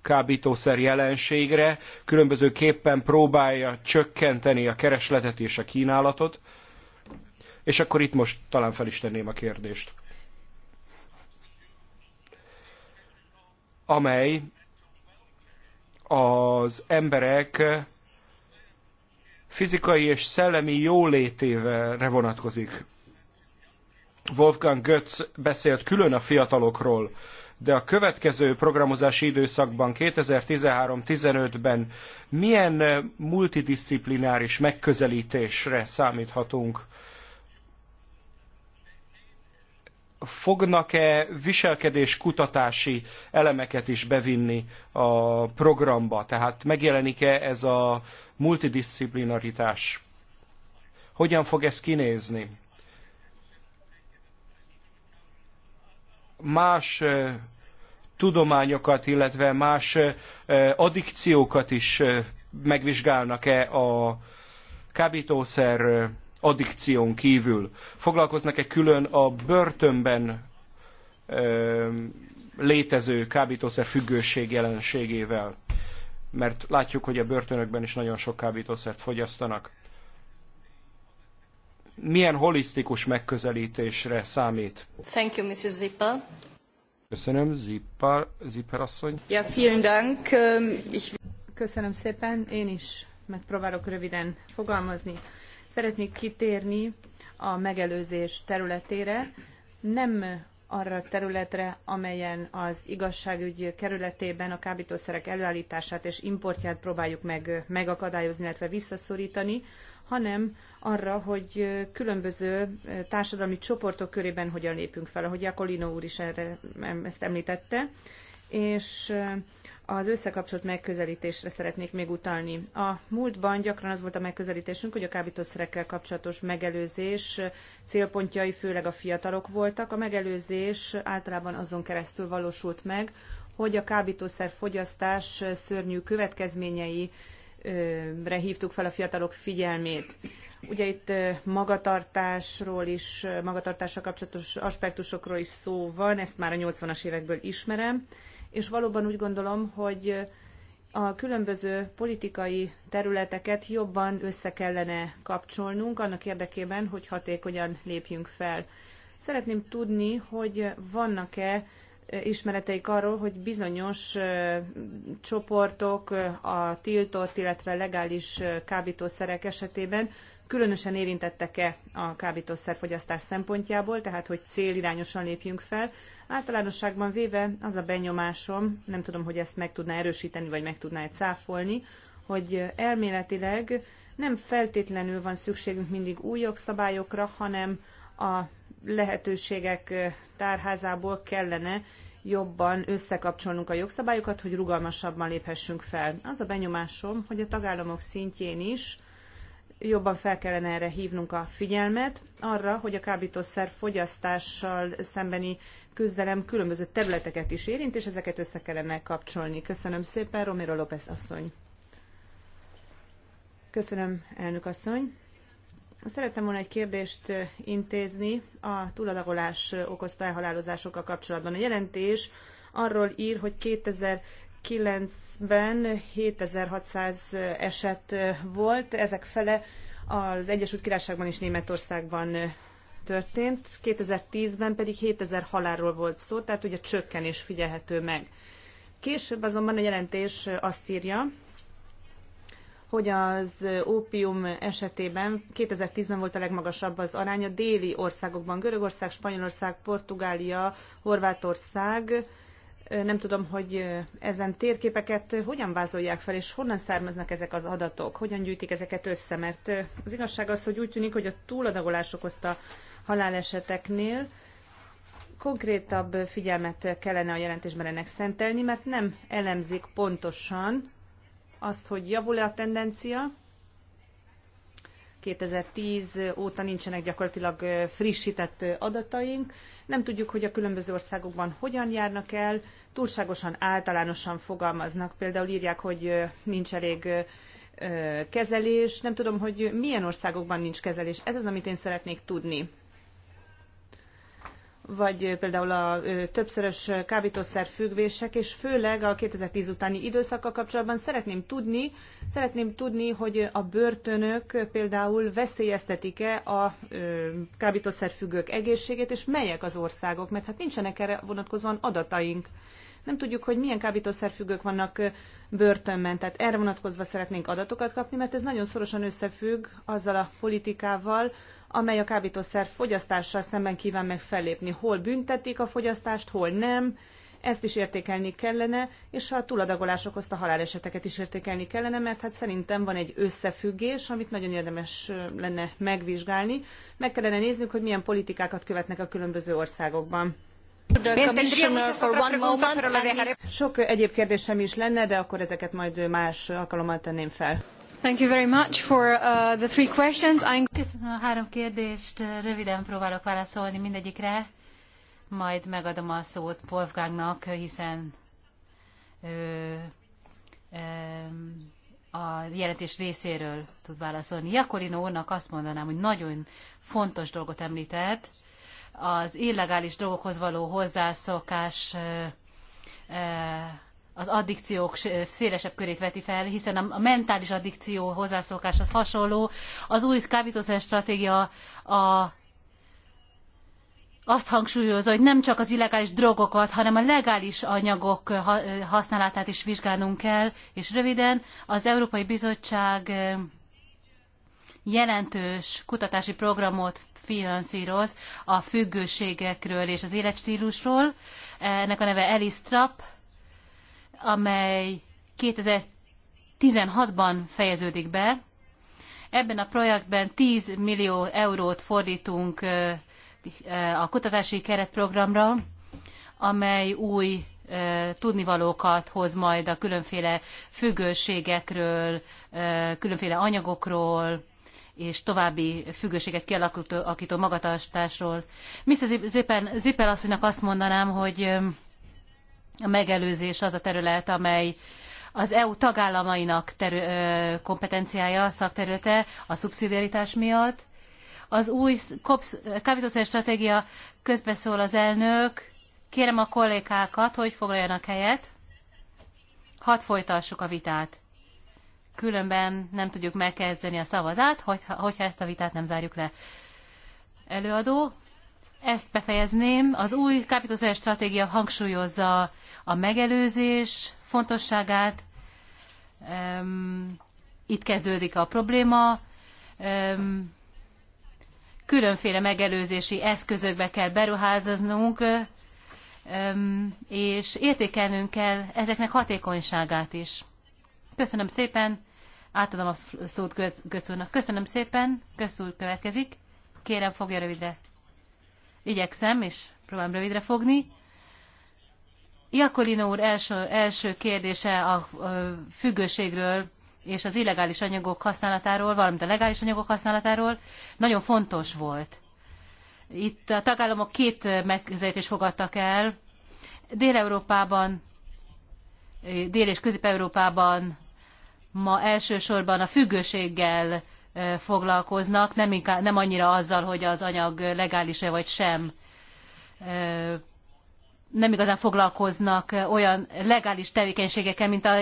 kábítószer jelenségre, különbözőképpen próbálja csökkenteni a keresletet és a kínálatot. És akkor itt most talán fel is tenném a kérdést. Amely az emberek fizikai és szellemi jólétére vonatkozik. Wolfgang Götz beszélt külön a fiatalokról, de a következő programozási időszakban, 2013-15-ben milyen multidisziplináris megközelítésre számíthatunk? fognak-e viselkedéskutatási elemeket is bevinni a programba? Tehát megjelenik-e ez a multidisziplinaritás? Hogyan fog ez kinézni? más eh, tudományokat, illetve más eh, addikciókat is eh, megvizsgálnak-e a kábítószer addikción kívül? Foglalkoznak-e külön a börtönben létező kábítószer függőség jelenségével? Mert látjuk, hogy a börtönökben is nagyon sok kábítószert fogyasztanak milyen holisztikus megközelítésre számít. Thank you, Mrs. Zippel. Köszönöm, Zipper, Zipper asszony. Ja, vielen Dank. Ähm, Köszönöm szépen, én is megpróbálok röviden fogalmazni. Szeretnék kitérni a megelőzés területére, nem arra a területre, amelyen az igazságügy kerületében a kábítószerek előállítását és importját próbáljuk meg megakadályozni, illetve visszaszorítani, hanem arra, hogy különböző társadalmi csoportok körében hogyan lépünk fel, ahogy Jakolino úr is erre, ezt említette, és az összekapcsolt megközelítésre szeretnék még utalni. A múltban gyakran az volt a megközelítésünk, hogy a kábítószerekkel kapcsolatos megelőzés célpontjai főleg a fiatalok voltak. A megelőzés általában azon keresztül valósult meg, hogy a kábítószer fogyasztás szörnyű következményei re hívtuk fel a fiatalok figyelmét. Ugye itt magatartásról is, magatartással kapcsolatos aspektusokról is szó van, ezt már a 80-as évekből ismerem, és valóban úgy gondolom, hogy a különböző politikai területeket jobban össze kellene kapcsolnunk annak érdekében, hogy hatékonyan lépjünk fel. Szeretném tudni, hogy vannak-e ismereteik arról, hogy bizonyos csoportok a tiltott, illetve legális kábítószerek esetében különösen érintettek-e a kábítószerfogyasztás szempontjából, tehát hogy célirányosan lépjünk fel. Általánosságban véve az a benyomásom, nem tudom, hogy ezt meg tudná erősíteni, vagy meg tudná cáfolni, hogy elméletileg nem feltétlenül van szükségünk mindig új jogszabályokra, hanem a lehetőségek tárházából kellene jobban összekapcsolnunk a jogszabályokat, hogy rugalmasabban léphessünk fel. Az a benyomásom, hogy a tagállamok szintjén is jobban fel kellene erre hívnunk a figyelmet, arra, hogy a kábítószer fogyasztással szembeni küzdelem különböző területeket is érint, és ezeket össze kellene kapcsolni. Köszönöm szépen, Romero López asszony. Köszönöm, elnök asszony. Szerettem volna egy kérdést intézni a túladagolás okozta elhalálozásokkal kapcsolatban. A jelentés arról ír, hogy 2009-ben 7600 eset volt, ezek fele az Egyesült Királyságban és Németországban történt, 2010-ben pedig 7000 halálról volt szó, tehát ugye csökkenés figyelhető meg. Később azonban a jelentés azt írja, hogy az ópium esetében 2010-ben volt a legmagasabb az arány a déli országokban, Görögország, Spanyolország, Portugália, Horvátország, nem tudom, hogy ezen térképeket hogyan vázolják fel, és honnan származnak ezek az adatok, hogyan gyűjtik ezeket össze, mert az igazság az, hogy úgy tűnik, hogy a túladagolás okozta haláleseteknél konkrétabb figyelmet kellene a jelentésben ennek szentelni, mert nem elemzik pontosan, azt, hogy javul-e a tendencia. 2010 óta nincsenek gyakorlatilag frissített adataink. Nem tudjuk, hogy a különböző országokban hogyan járnak el, túlságosan általánosan fogalmaznak. Például írják, hogy nincs elég kezelés. Nem tudom, hogy milyen országokban nincs kezelés. Ez az, amit én szeretnék tudni vagy például a többszörös kábítószer függvések, és főleg a 2010 utáni időszakkal kapcsolatban szeretném tudni, szeretném tudni, hogy a börtönök például veszélyeztetik-e a kábítószerfüggők egészségét, és melyek az országok, mert hát nincsenek erre vonatkozóan adataink. Nem tudjuk, hogy milyen kábítószerfüggők vannak börtönben, tehát erre vonatkozva szeretnénk adatokat kapni, mert ez nagyon szorosan összefügg azzal a politikával, amely a kábítószer fogyasztással szemben kíván meg fellépni. Hol büntetik a fogyasztást, hol nem, ezt is értékelni kellene, és a túladagolás okozta haláleseteket is értékelni kellene, mert hát szerintem van egy összefüggés, amit nagyon érdemes lenne megvizsgálni. Meg kellene néznünk, hogy milyen politikákat követnek a különböző országokban. Sok egyéb kérdésem is lenne, de akkor ezeket majd más alkalommal tenném fel. Thank you very much for uh, the three questions. I'm... Köszönöm a három kérdést, röviden próbálok válaszolni mindegyikre, majd megadom a szót Wolfgangnak, hiszen ő, a jelentés részéről tud válaszolni. Jakorino úrnak azt mondanám, hogy nagyon fontos dolgot említett, az illegális drogokhoz való hozzászokás az addikciók szélesebb körét veti fel, hiszen a mentális addikció hozzászokás az hasonló. Az új kábítószer stratégia a, azt hangsúlyozza, hogy nem csak az illegális drogokat, hanem a legális anyagok használatát is vizsgálnunk kell, és röviden az Európai Bizottság jelentős kutatási programot finanszíroz a függőségekről és az életstílusról. Ennek a neve Elis Trapp, amely 2016-ban fejeződik be. Ebben a projektben 10 millió eurót fordítunk a kutatási keretprogramra, amely új tudnivalókat hoz majd a különféle függőségekről, különféle anyagokról, és további függőséget kialakító magatartásról. Mr. Zippel asszonynak azt mondanám, hogy a megelőzés az a terület, amely az EU tagállamainak terü- kompetenciája, szakterülete a szubszidiaritás miatt. Az új kábítószer stratégia közbeszól az elnök. Kérem a kollégákat, hogy foglaljanak helyet. Hadd folytassuk a vitát. Különben nem tudjuk megkezdeni a szavazát, hogyha, hogyha ezt a vitát nem zárjuk le. Előadó, ezt befejezném. Az új kábítószer stratégia hangsúlyozza a megelőzés fontosságát. Itt kezdődik a probléma. Különféle megelőzési eszközökbe kell beruházaznunk, és értékelnünk kell ezeknek hatékonyságát is. Köszönöm szépen, átadom a szót Göcúrnak. Köszönöm szépen, köszönöm következik. Kérem, fogja rövidre igyekszem, és próbálom rövidre fogni. Iakolino úr első, első kérdése a függőségről és az illegális anyagok használatáról, valamint a legális anyagok használatáról nagyon fontos volt. Itt a tagállamok két megközelítést fogadtak el. Dél-Európában, Dél- és Közép-Európában ma elsősorban a függőséggel foglalkoznak, nem, inkább, nem annyira azzal, hogy az anyag legális-e vagy sem. Nem igazán foglalkoznak olyan legális tevékenységekkel, mint a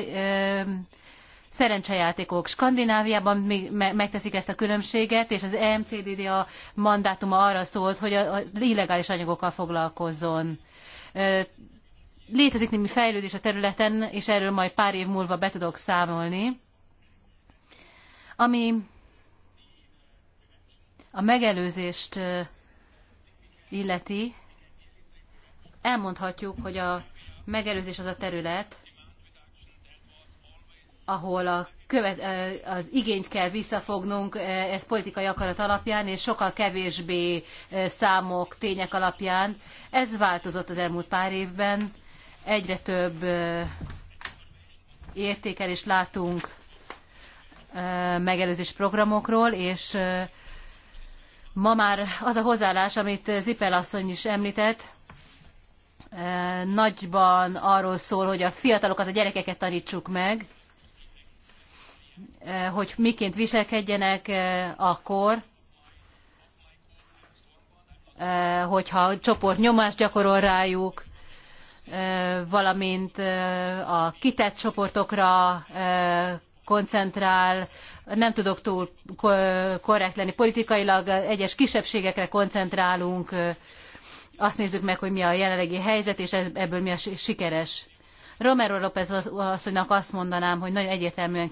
szerencsejátékok. Skandináviában megteszik ezt a különbséget, és az e MCDD a mandátuma arra szólt, hogy az illegális anyagokkal foglalkozzon. Létezik némi fejlődés a területen, és erről majd pár év múlva be tudok számolni. Ami a megelőzést illeti, elmondhatjuk, hogy a megelőzés az a terület, ahol a követ, az igényt kell visszafognunk, ez politikai akarat alapján, és sokkal kevésbé számok, tények alapján. Ez változott az elmúlt pár évben. Egyre több értékelést látunk megelőzés programokról, és Ma már az a hozzáállás, amit Zipel asszony is említett, nagyban arról szól, hogy a fiatalokat, a gyerekeket tanítsuk meg, hogy miként viselkedjenek akkor, hogyha a csoport nyomást gyakorol rájuk, valamint a kitett csoportokra koncentrál, nem tudok túl korrekt lenni. Politikailag egyes kisebbségekre koncentrálunk, azt nézzük meg, hogy mi a jelenlegi helyzet, és ebből mi a sikeres. Romero López asszonynak azt mondanám, hogy nagyon egyértelműen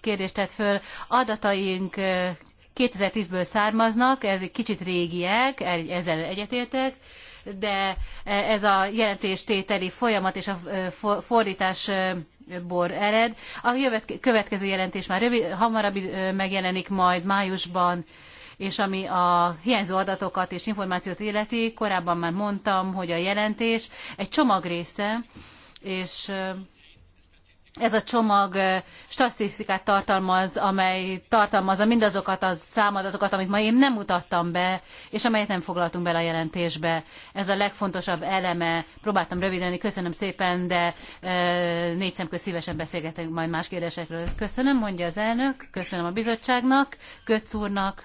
kérdést tett föl. Adataink 2010-ből származnak, ez egy kicsit régiek, ezzel egyetértek, de ez a jelentéstételi folyamat és a fordítás bor ered. A jövet, következő jelentés már rövid, hamarabb megjelenik majd májusban, és ami a hiányzó adatokat és információt illeti, korábban már mondtam, hogy a jelentés egy csomag része, és ez a csomag statisztikát tartalmaz, amely tartalmazza mindazokat a számadatokat, amit ma én nem mutattam be, és amelyet nem foglaltunk bele a jelentésbe. Ez a legfontosabb eleme. Próbáltam rövidenni, köszönöm szépen, de négy szemköz szívesen beszélgetünk majd más kérdésekről. Köszönöm, mondja az elnök, köszönöm a bizottságnak, Götz úrnak,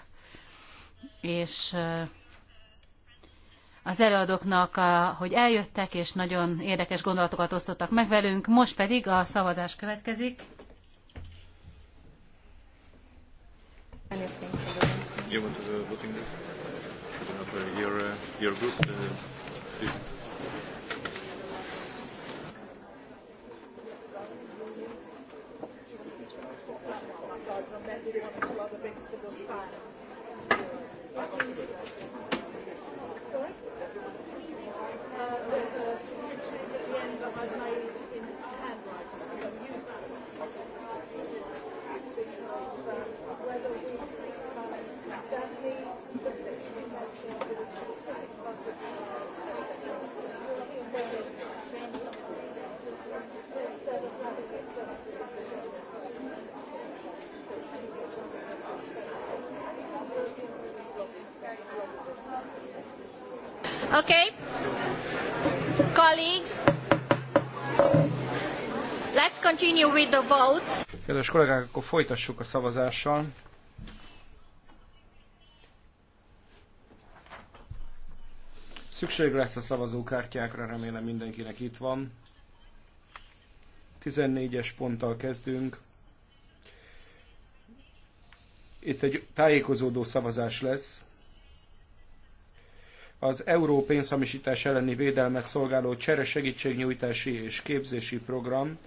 és az előadóknak, hogy eljöttek, és nagyon érdekes gondolatokat osztottak meg velünk. Most pedig a szavazás következik. You want to uh, voting your, uh, your group. Uh, the votes. Kedves kollégák, akkor folytassuk a szavazással. Szükség lesz a szavazókártyákra, remélem mindenkinek itt van. 14-es ponttal kezdünk. Itt egy tájékozódó szavazás lesz. Az euró pénzhamisítás elleni védelmet szolgáló csere segítségnyújtási és képzési program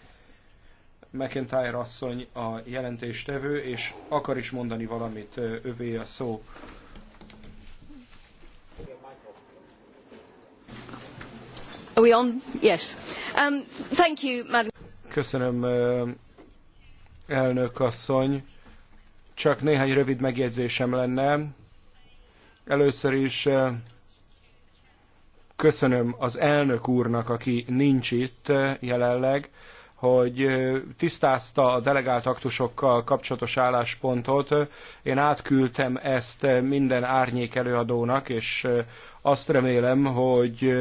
McIntyre asszony a jelentéstevő, és akar is mondani valamit, övé a szó. Are we on? Yes. Um, thank you, madam. Köszönöm, elnök asszony. Csak néhány rövid megjegyzésem lenne. Először is köszönöm az elnök úrnak, aki nincs itt jelenleg, hogy tisztázta a delegált aktusokkal kapcsolatos álláspontot. Én átküldtem ezt minden árnyék előadónak, és azt remélem, hogy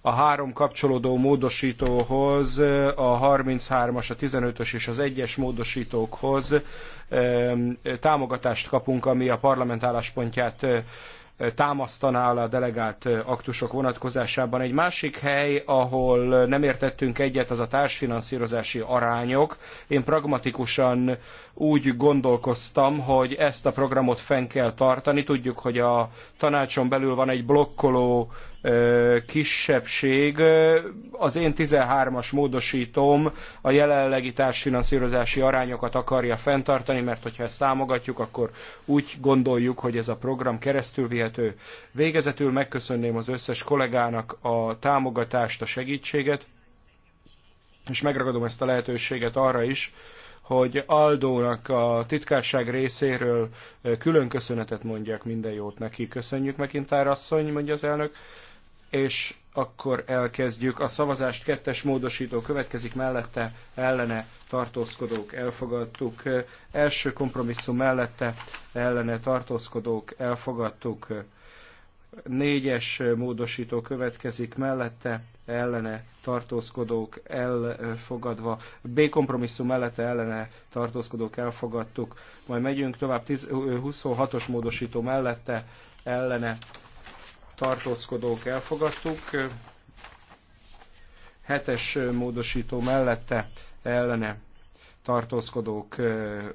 a három kapcsolódó módosítóhoz, a 33-as, a 15-ös és az 1-es módosítókhoz támogatást kapunk, ami a parlament álláspontját támasztaná alá a delegált aktusok vonatkozásában. Egy másik hely, ahol nem értettünk egyet, az a társfinanszírozási arányok. Én pragmatikusan úgy gondolkoztam, hogy ezt a programot fenn kell tartani. Tudjuk, hogy a tanácson belül van egy blokkoló kisebbség. Az én 13-as módosítom a jelenlegi társfinanszírozási arányokat akarja fenntartani, mert hogyha ezt támogatjuk, akkor úgy gondoljuk, hogy ez a program keresztül vihető. Végezetül megköszönném az összes kollégának a támogatást, a segítséget, és megragadom ezt a lehetőséget arra is, hogy Aldónak a titkárság részéről külön köszönetet mondjak minden jót neki. Köszönjük Mekintár asszony, mondja az elnök és akkor elkezdjük. A szavazást kettes módosító következik mellette, ellene tartózkodók elfogadtuk. Első kompromisszum mellette, ellene tartózkodók elfogadtuk. Négyes módosító következik mellette, ellene tartózkodók elfogadva. B kompromisszum mellette ellene tartózkodók elfogadtuk. Majd megyünk tovább 26-os módosító mellette, ellene tartózkodók elfogadtuk. Hetes módosító mellette ellene tartózkodók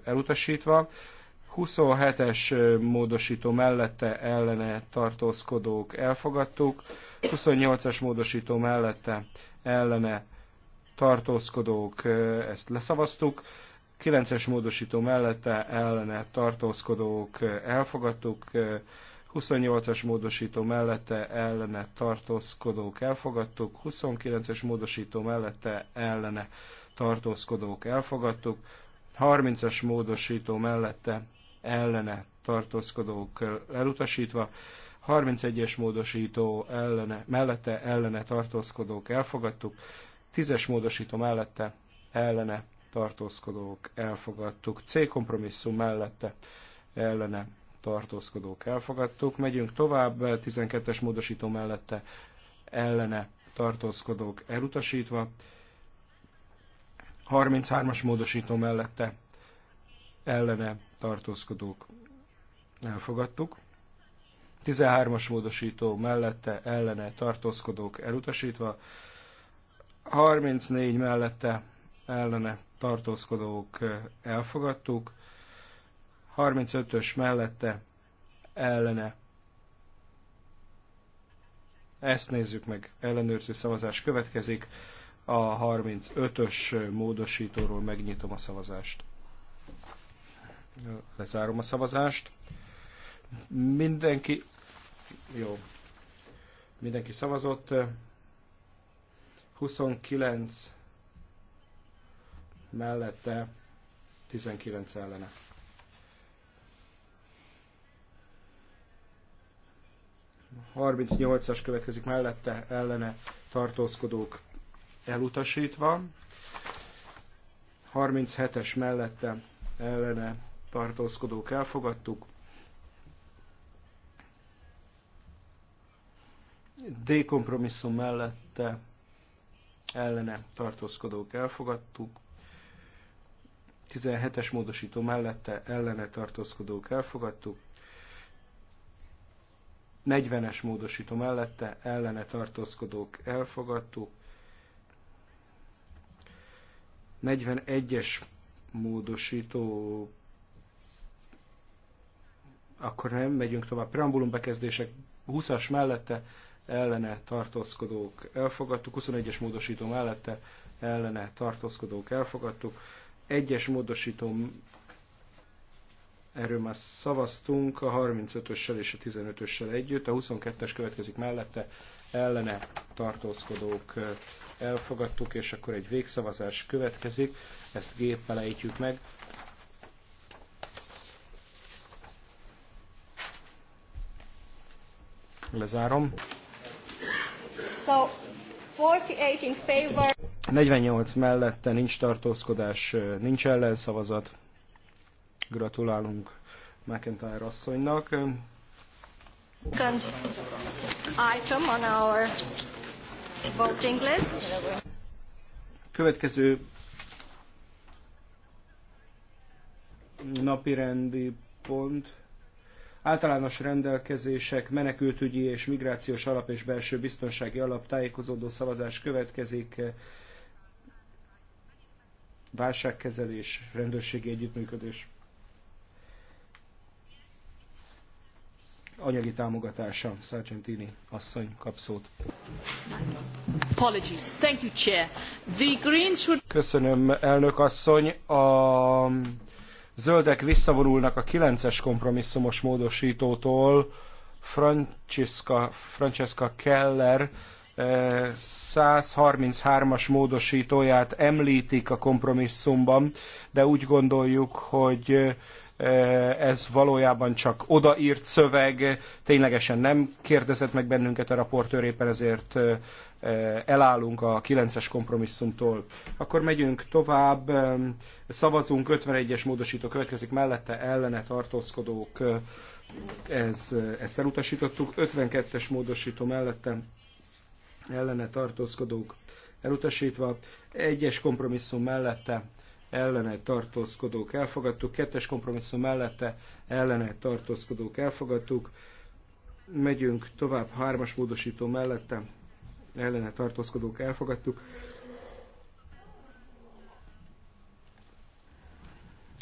elutasítva. 27-es módosító mellette ellene tartózkodók elfogadtuk, 28-as módosító mellette ellene tartózkodók ezt leszavaztuk, 9-es módosító mellette ellene tartózkodók elfogadtuk, 28-as módosító mellette ellene tartózkodók elfogadtuk, 29-es módosító mellette ellene tartózkodók elfogadtuk, 30-as módosító mellette ellene tartózkodók elutasítva, 31-es módosító ellene, mellette ellene tartózkodók elfogadtuk, 10-es módosító mellette ellene tartózkodók elfogadtuk, C kompromisszum mellette ellene tartózkodók elfogadtuk. Megyünk tovább, 12-es módosító mellette ellene tartózkodók elutasítva, 33-as módosító mellette ellene tartózkodók elfogadtuk, 13-as módosító mellette ellene tartózkodók elutasítva, 34 mellette ellene tartózkodók elfogadtuk, 35-ös mellette ellene. Ezt nézzük meg, ellenőrző szavazás következik. A 35-ös módosítóról megnyitom a szavazást. Lezárom a szavazást. Mindenki... Jó. Mindenki szavazott. 29 mellette 19 ellene. 38-as következik mellette, ellene tartózkodók elutasítva. 37-es mellette, ellene tartózkodók elfogadtuk. D kompromisszum mellette ellene tartózkodók elfogadtuk, 17-es módosító mellette ellene tartózkodók elfogadtuk, 40-es módosító mellette ellene tartózkodók elfogadtuk. 41-es módosító akkor nem, megyünk tovább. Preambulum bekezdések 20-as mellette ellene tartózkodók elfogadtuk, 21-es módosító mellette ellene tartózkodók elfogadtuk, 1-es módosító erről már szavaztunk, a 35-össel és a 15-össel együtt, a 22-es következik mellette, ellene tartózkodók elfogadtuk, és akkor egy végszavazás következik, ezt géppel ejtjük meg. Lezárom. So, 48 in favor. 48 mellette nincs tartózkodás, nincs ellenszavazat gratulálunk McIntyre asszonynak. Second item on our voting list. Következő napirendi pont általános rendelkezések, menekültügyi és migrációs alap és belső biztonsági alap tájékozódó szavazás következik, válságkezelés, rendőrségi együttműködés. anyagi támogatása. Sargentini asszony kap szót. Thank you, Chair. The Greens would... Köszönöm, elnök asszony. A zöldek visszavonulnak a 9-es kompromisszumos módosítótól. Francesca, Francesca Keller 133-as eh, módosítóját említik a kompromisszumban, de úgy gondoljuk, hogy eh, Eh, ez valójában csak odaírt szöveg, ténylegesen nem kérdezett meg bennünket a raportőr, éppen ezért eh, eh, elállunk a 9-es kompromisszumtól. Akkor megyünk tovább, szavazunk, 51-es módosító következik mellette, ellene tartózkodók, ez, ezt elutasítottuk, 52-es módosító mellette, ellene tartózkodók elutasítva, egyes kompromisszum mellette, ellene tartózkodók elfogadtuk, kettes kompromisszum mellette ellene tartózkodók elfogadtuk, megyünk tovább hármas módosító mellette ellene tartózkodók elfogadtuk,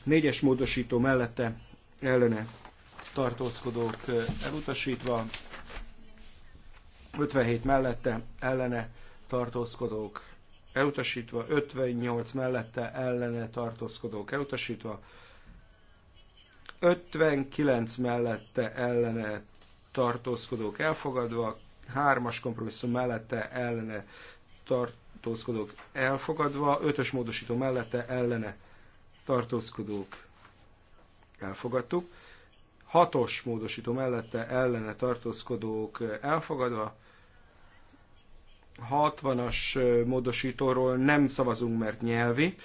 négyes módosító mellette ellene tartózkodók elutasítva, 57 mellette ellene tartózkodók elutasítva, 58 mellette ellene tartózkodók elutasítva, 59 mellette ellene tartózkodók elfogadva, 3-as kompromisszum mellette ellene tartózkodók elfogadva, 5-ös módosító mellette ellene tartózkodók elfogadtuk, 6-os módosító mellette ellene tartózkodók elfogadva, 60-as módosítóról nem szavazunk, mert nyelvi.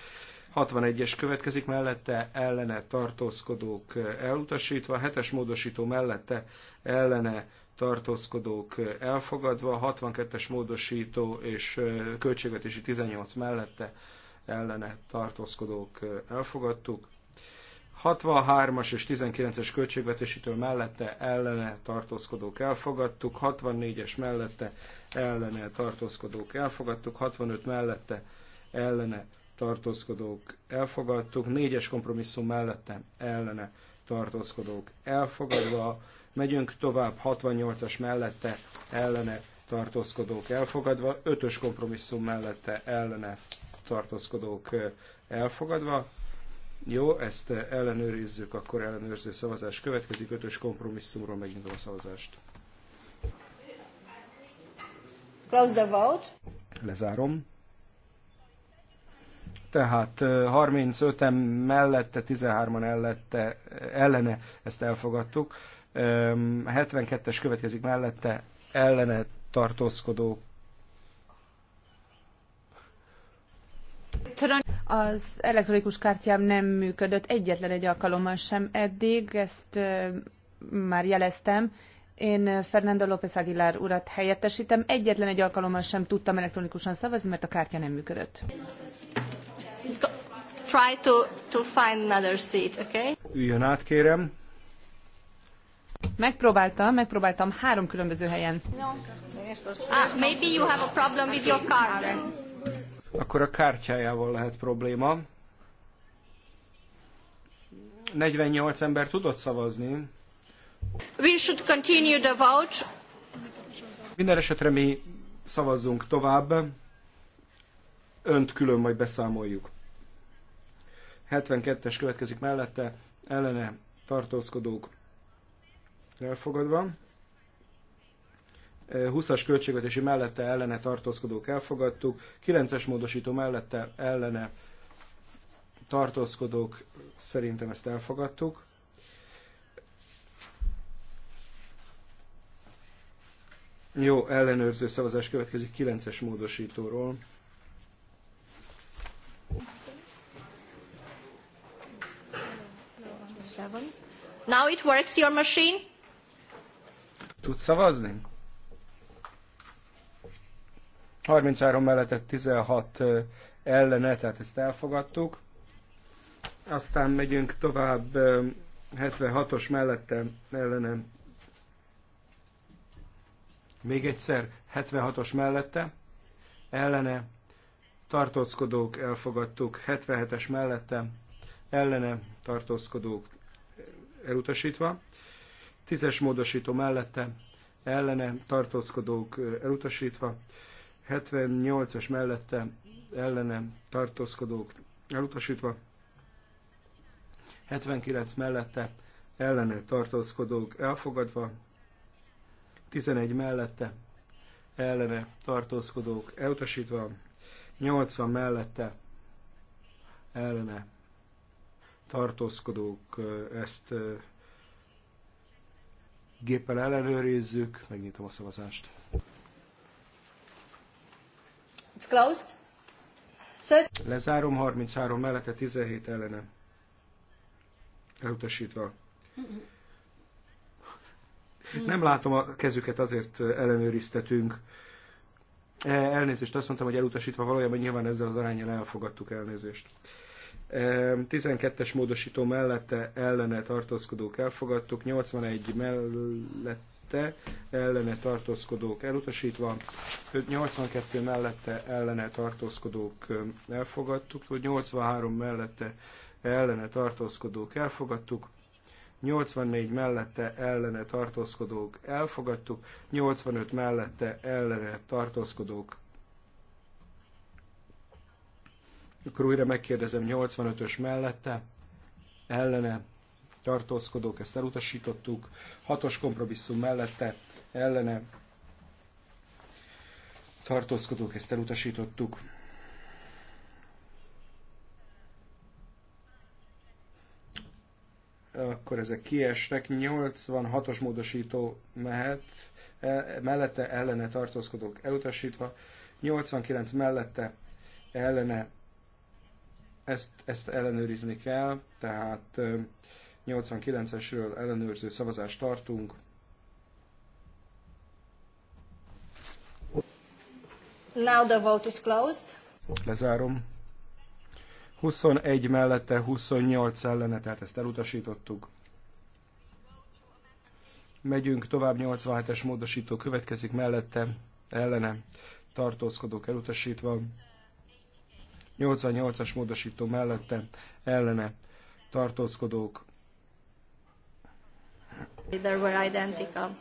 61-es következik mellette, ellene tartózkodók elutasítva, 7-es módosító mellette, ellene tartózkodók elfogadva, 62-es módosító és költségvetési 18 mellette ellene tartózkodók elfogadtuk, 63-as és 19-es költségvetésétől mellette ellene tartózkodók elfogadtuk, 64-es mellette ellene tartózkodók elfogadtuk, 65 mellette ellene tartózkodók elfogadtuk, 4-es kompromisszum mellette ellene tartózkodók elfogadva, megyünk tovább 68-as mellette ellene tartózkodók elfogadva, 5-ös kompromisszum mellette ellene tartózkodók eh, elfogadva, jó, ezt ellenőrizzük, akkor ellenőrző szavazás következik, ötös kompromisszumról megnyitom a szavazást. Close the vote. Lezárom. Tehát 35-en mellette, 13-an ellette, ellene ezt elfogadtuk. 72-es következik mellette, ellene tartózkodók Az elektronikus kártyám nem működött egyetlen egy alkalommal sem eddig, ezt már jeleztem. Én Fernando López Aguilar urat helyettesítem. Egyetlen egy alkalommal sem tudtam elektronikusan szavazni, mert a kártya nem működött. Try to, to find another seat, okay? Üljön át, kérem. Megpróbáltam, megpróbáltam három különböző helyen. No. Ah, maybe you have a problem with your card. Then akkor a kártyájával lehet probléma. 48 ember tudott szavazni. We should continue the vote. Minden esetre mi szavazzunk tovább. Önt külön majd beszámoljuk. 72-es következik mellette, ellene tartózkodók elfogadva. 20-as költségvetési mellette ellene tartózkodók elfogadtuk, 9-es módosító mellette ellene tartózkodók szerintem ezt elfogadtuk. Jó, ellenőrző szavazás következik 9-es módosítóról. Now it works your machine? Tudsz szavazni? 33 mellette 16 ellene, tehát ezt elfogadtuk. Aztán megyünk tovább 76-os mellette ellenem. Még egyszer 76-os mellette ellene. Tartózkodók elfogadtuk 77-es mellette ellene tartózkodók elutasítva. 10-es módosító mellette ellene tartózkodók elutasítva. 78-as mellette ellene tartózkodók elutasítva, 79 mellette ellene tartózkodók elfogadva, 11 mellette ellene tartózkodók elutasítva, 80 mellette ellene tartózkodók ezt géppel ellenőrizzük, megnyitom a szavazást. It's closed. Lezárom 33 mellette 17 ellene. Elutasítva. Mm-hmm. Nem látom a kezüket, azért ellenőriztetünk. E, elnézést, azt mondtam, hogy elutasítva valójában nyilván ezzel az arányjal elfogadtuk elnézést. 12-es e, módosító mellette ellene tartózkodók elfogadtuk, 81 mellett mellette ellene tartózkodók elutasítva, 82 mellette ellene tartózkodók elfogadtuk, 83 mellette ellene tartózkodók elfogadtuk, 84 mellette ellene tartózkodók elfogadtuk, 85 mellette ellene tartózkodók akkor újra megkérdezem 85-ös mellette, ellene tartózkodók, ezt elutasítottuk. Hatos kompromisszum mellette, ellene tartózkodók, ezt elutasítottuk. Akkor ezek kiesnek. 86-os módosító mehet, e, mellette ellene tartózkodók elutasítva, 89 mellette ellene ezt, ezt ellenőrizni kell, tehát 89-esről ellenőrző szavazást tartunk. Now the vote is closed. Lezárom. 21 mellette, 28 ellene, tehát ezt elutasítottuk. Megyünk tovább, 87-es módosító következik mellette, ellene, tartózkodók elutasítva. 88-as módosító mellette, ellene, tartózkodók They were identical.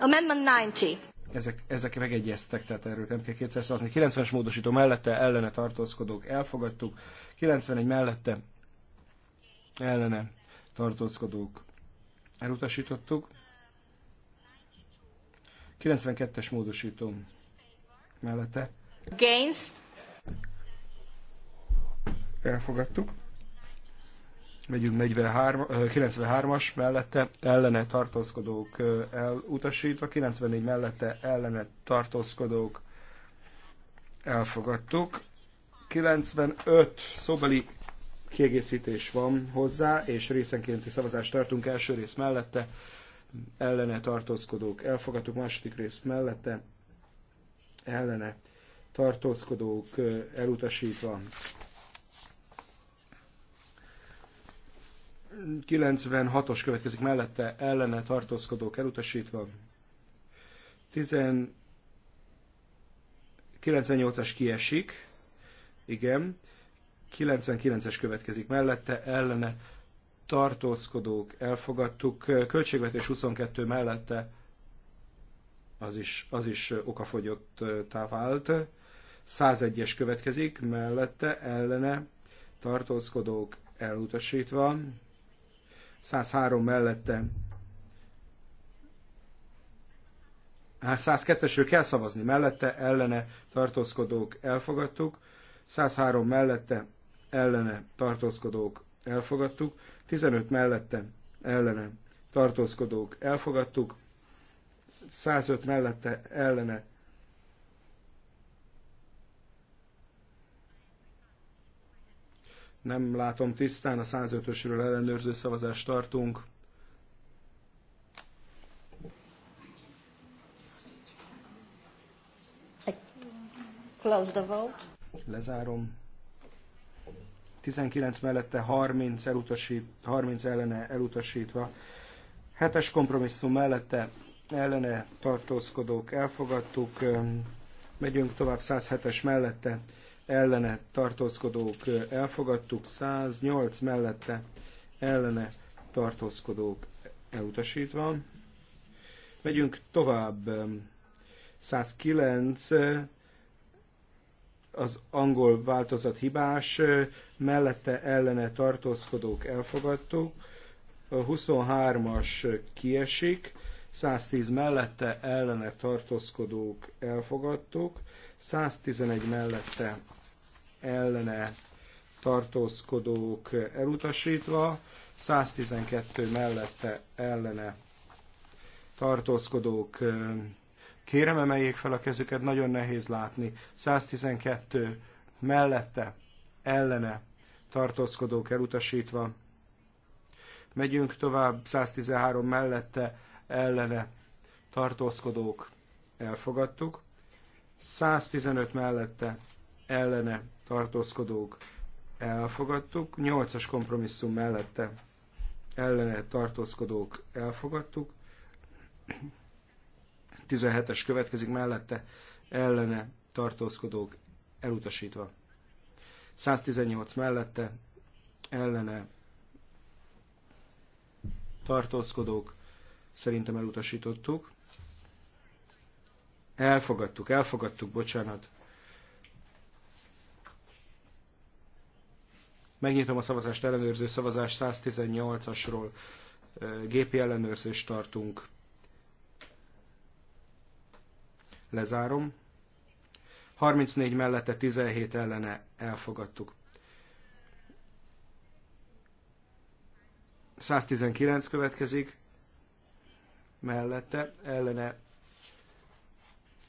Amendment 90. Ezek, ezek megegyeztek, tehát erről nem kell kétszer szavazni. 90-es módosító mellette, ellene tartózkodók elfogadtuk. 91 mellette, ellene tartózkodók elutasítottuk. 92-es módosító mellette. Against. Elfogadtuk. Megyünk 93-as mellette ellene tartózkodók elutasítva, 94 mellette ellene tartózkodók elfogadtuk. 95 szobeli kiegészítés van hozzá, és részenkénti szavazást tartunk első rész mellette, ellene tartózkodók elfogadtuk, második rész mellette, ellene tartózkodók elutasítva, 96-os következik mellette ellene tartózkodók elutasítva. 10... 98-as kiesik, igen. 99-es következik mellette, ellene tartózkodók elfogadtuk. Költségvetés 22 mellette az is, az is okafogyott vált. 101-es következik, mellette ellene tartózkodók elutasítva. 103 mellette. 102-esről hát kell szavazni mellette, ellene tartózkodók elfogadtuk. 103 mellette, ellene tartózkodók elfogadtuk. 15 mellette, ellene tartózkodók elfogadtuk. 105 mellette, ellene Nem látom tisztán, a 105-ösről ellenőrző szavazást tartunk. close the vote. Lezárom. 19 mellette 30, elutasít, 30 ellene elutasítva. 7-es kompromisszum mellette ellene tartózkodók elfogadtuk. Megyünk tovább 107-es mellette ellene tartózkodók elfogadtuk, 108 mellette ellene tartózkodók elutasítva. Megyünk tovább. 109 az angol változat hibás, mellette ellene tartózkodók elfogadtuk, 23-as kiesik, 110 mellette ellene tartózkodók elfogadtuk, 111 mellette ellene tartózkodók elutasítva, 112 mellette ellene tartózkodók kérem emeljék fel a kezüket, nagyon nehéz látni, 112 mellette ellene tartózkodók elutasítva, megyünk tovább, 113 mellette ellene tartózkodók elfogadtuk, 115 mellette ellene tartózkodók elfogadtuk, 8-as kompromisszum mellette ellene tartózkodók elfogadtuk, 17-es következik mellette ellene tartózkodók elutasítva. 118 mellette ellene tartózkodók szerintem elutasítottuk. Elfogadtuk, elfogadtuk, bocsánat. Megnyitom a szavazást ellenőrző szavazás 118-asról. Gépi ellenőrzést tartunk. Lezárom. 34 mellette 17 ellene elfogadtuk. 119 következik, mellette ellene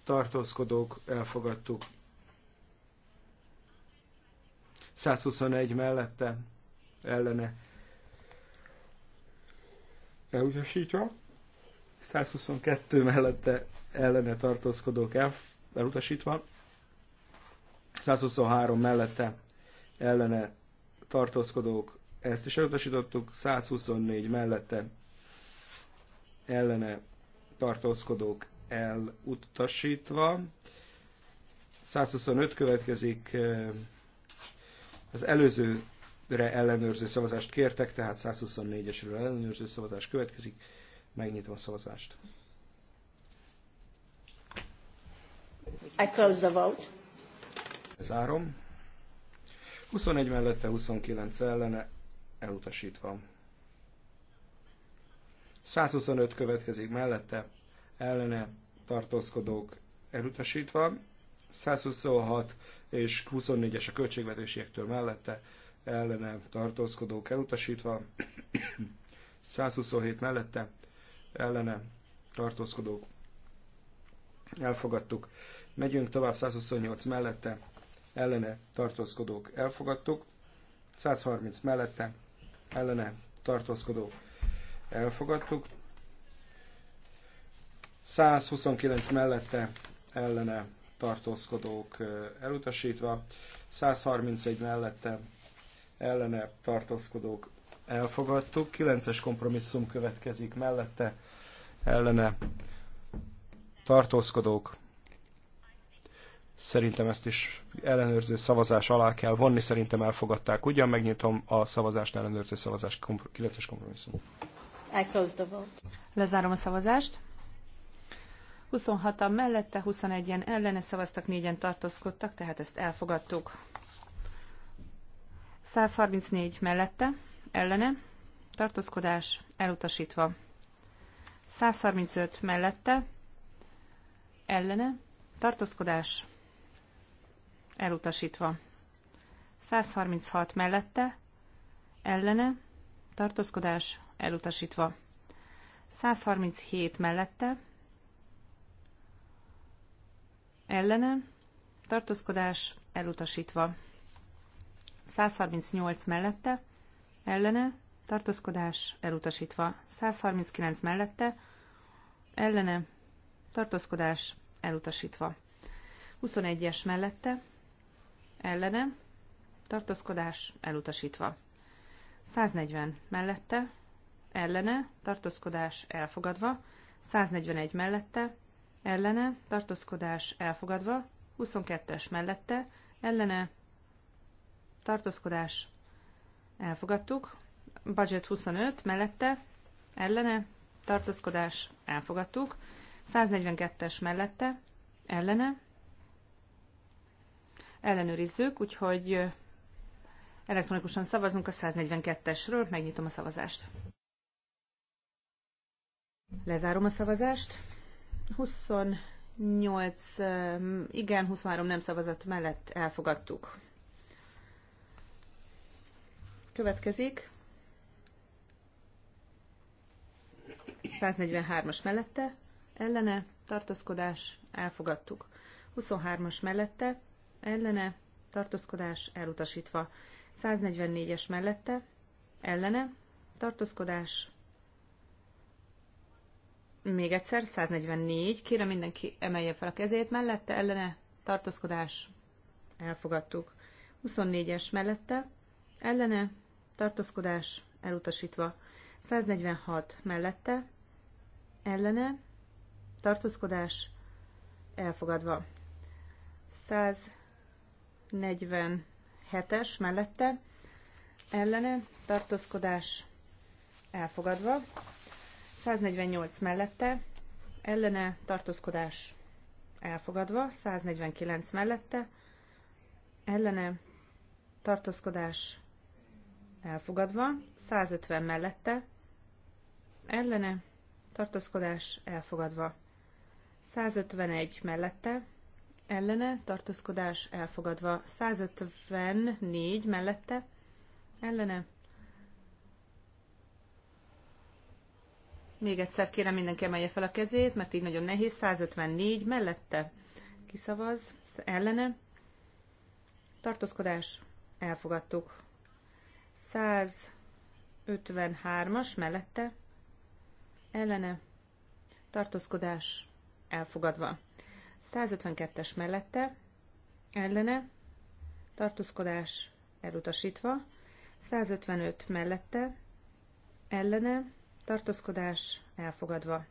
tartózkodók elfogadtuk. 121 mellette ellene elutasítva, 122 mellette ellene tartózkodók el, elutasítva, 123 mellette ellene tartózkodók, ezt is elutasítottuk, 124 mellette ellene tartózkodók elutasítva, 125 következik az előzőre ellenőrző szavazást kértek, tehát 124-esről ellenőrző szavazás következik. Megnyitom a szavazást. I close the vote. Zárom. 21 mellette, 29 ellene, elutasítva. 125 következik mellette, ellene tartózkodók elutasítva, 126 és 24-es a költségvetésiektől mellette ellene tartózkodók elutasítva, 127 mellette ellene tartózkodók elfogadtuk. Megyünk tovább 128 mellette ellene tartózkodók elfogadtuk, 130 mellette ellene tartózkodók elfogadtuk, 129 mellette ellene tartózkodók elutasítva, 131 mellette ellene tartózkodók elfogadtuk, 9-es kompromisszum következik mellette ellene tartózkodók. Szerintem ezt is ellenőrző szavazás alá kell vonni, szerintem elfogadták. Ugyan megnyitom a szavazást, ellenőrző szavazás 9-es kompromisszum. I close the vote. Lezárom a szavazást. 26-an mellette, 21-en ellene szavaztak, 4-en tartózkodtak, tehát ezt elfogadtuk. 134 mellette, ellene, tartózkodás elutasítva. 135 mellette, ellene, tartózkodás elutasítva. 136 mellette, ellene, tartózkodás elutasítva. 137 mellette, ellene, tartózkodás elutasítva. 138 mellette, ellene, tartózkodás elutasítva. 139 mellette, ellene, tartózkodás elutasítva. 21-es mellette, ellene, tartózkodás elutasítva. 140 mellette, ellene, tartózkodás elfogadva, 141 mellette, ellene, tartózkodás elfogadva, 22-es mellette, ellene, tartózkodás elfogadtuk, budget 25 mellette, ellene, tartózkodás elfogadtuk, 142-es mellette, ellene, ellenőrizzük, úgyhogy elektronikusan szavazunk a 142-esről, megnyitom a szavazást. Lezárom a szavazást. 28 igen, 23 nem szavazat mellett elfogadtuk. Következik 143-as mellette, ellene, tartózkodás, elfogadtuk. 23-as mellette, ellene, tartózkodás, elutasítva. 144-es mellette, ellene, tartózkodás, még egyszer, 144. Kérem mindenki emelje fel a kezét mellette, ellene tartózkodás. Elfogadtuk. 24-es mellette, ellene tartózkodás elutasítva. 146 mellette, ellene tartózkodás elfogadva. 147-es mellette, ellene tartózkodás elfogadva. 148 mellette, ellene tartózkodás elfogadva, 149 mellette, ellene tartózkodás elfogadva, 150 mellette, ellene tartózkodás elfogadva, 151 mellette, ellene tartózkodás elfogadva, 154 mellette, ellene Még egyszer kérem mindenki emelje fel a kezét, mert így nagyon nehéz. 154 mellette kiszavaz, ellene. Tartózkodás, elfogadtuk. 153-as mellette, ellene. Tartózkodás, elfogadva. 152-es mellette, ellene. Tartózkodás, elutasítva. 155 mellette, ellene tartózkodás elfogadva.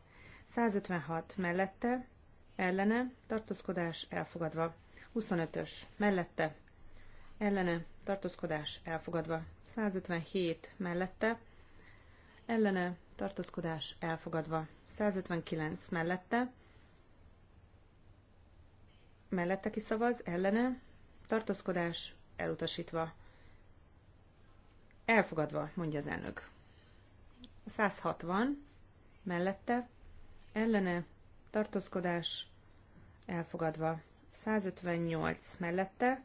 156 mellette, ellene, tartózkodás elfogadva. 25-ös mellette, ellene, tartózkodás elfogadva. 157 mellette, ellene, tartózkodás elfogadva. 159 mellette, mellette kiszavaz, ellene, tartózkodás elutasítva. Elfogadva, mondja az elnök. 160 mellette, ellene tartózkodás elfogadva. 158 mellette,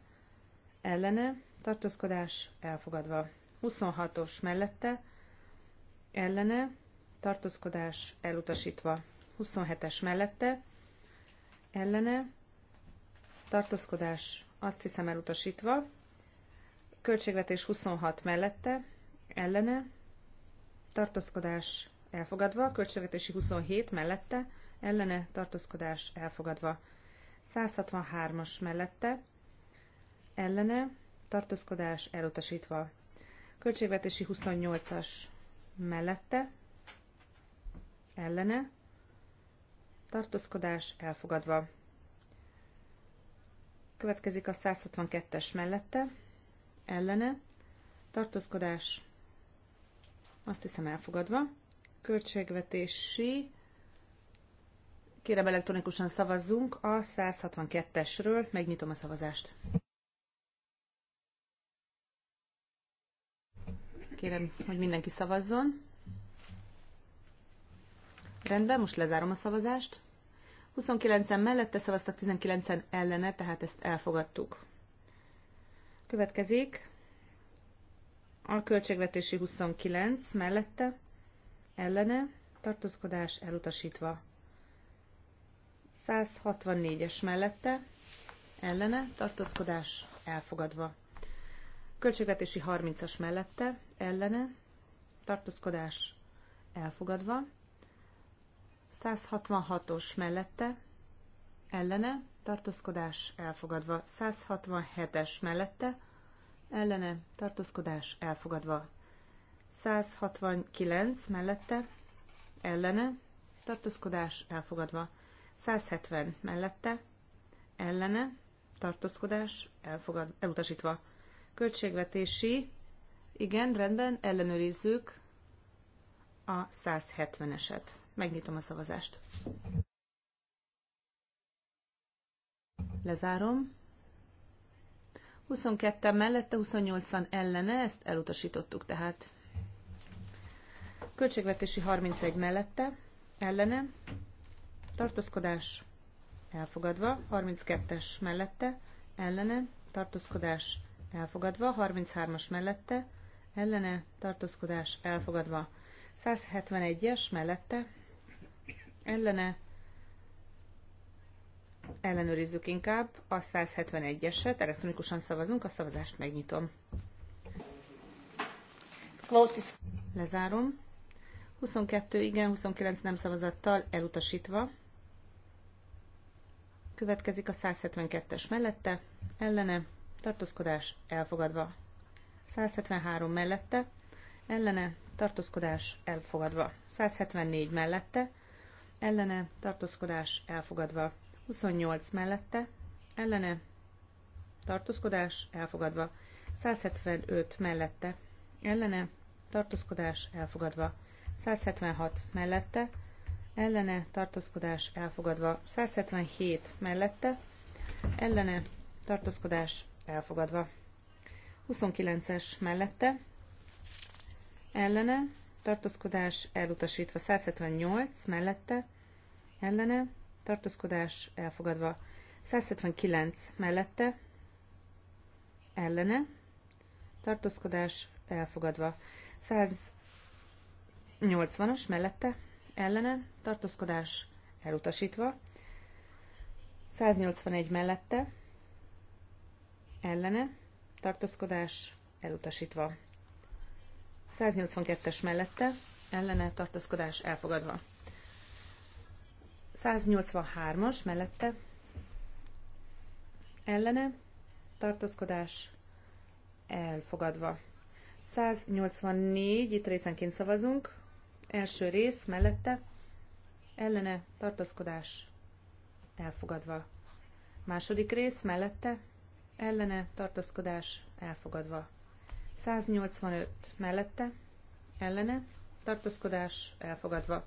ellene tartózkodás elfogadva. 26-os mellette, ellene tartózkodás elutasítva. 27-es mellette, ellene tartózkodás azt hiszem elutasítva. Költségvetés 26 mellette, ellene tartózkodás elfogadva, költségvetési 27 mellette, ellene tartózkodás elfogadva. 163-as mellette, ellene tartózkodás elutasítva. Költségvetési 28-as mellette, ellene tartózkodás elfogadva. Következik a 162-es mellette, ellene tartózkodás azt hiszem elfogadva. Költségvetési. Kérem elektronikusan szavazzunk a 162-esről. Megnyitom a szavazást. Kérem, hogy mindenki szavazzon. Rendben, most lezárom a szavazást. 29-en mellette szavaztak, 19-en ellene, tehát ezt elfogadtuk. Következik a költségvetési 29 mellette ellene tartózkodás elutasítva. 164-es mellette ellene tartózkodás elfogadva. Költségvetési 30-as mellette ellene tartózkodás elfogadva. 166-os mellette ellene tartózkodás elfogadva. 167-es mellette ellene tartózkodás elfogadva. 169 mellette ellene tartózkodás elfogadva. 170 mellette ellene tartózkodás elfogad, elutasítva. Költségvetési, igen, rendben, ellenőrizzük a 170-eset. Megnyitom a szavazást. Lezárom. 22-en mellette, 28-an ellene, ezt elutasítottuk tehát. Költségvetési 31 mellette, ellene, tartózkodás elfogadva, 32-es mellette, ellene, tartózkodás elfogadva, 33-as mellette, ellene, tartózkodás elfogadva, 171-es mellette, ellene, ellenőrizzük inkább a 171-eset, elektronikusan szavazunk, a szavazást megnyitom. Lezárom. 22 igen, 29 nem szavazattal elutasítva. Következik a 172-es mellette, ellene, tartózkodás elfogadva. 173 mellette, ellene, tartózkodás elfogadva. 174 mellette, ellene, tartózkodás elfogadva. 28 mellette, ellene, tartózkodás elfogadva. 175 mellette, ellene, tartózkodás elfogadva. 176 mellette, ellene, tartózkodás elfogadva. 177 mellette, ellene, tartózkodás elfogadva. 29-es mellette, ellene, tartózkodás elutasítva. 178 mellette, ellene, tartózkodás elfogadva. 179 mellette, ellene, tartózkodás elfogadva. 180-as mellette, ellene, tartózkodás elutasítva. 181 mellette, ellene, tartózkodás elutasítva. 182-es mellette, ellene, tartózkodás elfogadva. 183-as mellette ellene tartózkodás elfogadva. 184, itt részenként szavazunk. Első rész mellette ellene tartózkodás elfogadva. Második rész mellette ellene tartózkodás elfogadva. 185 mellette ellene tartózkodás elfogadva.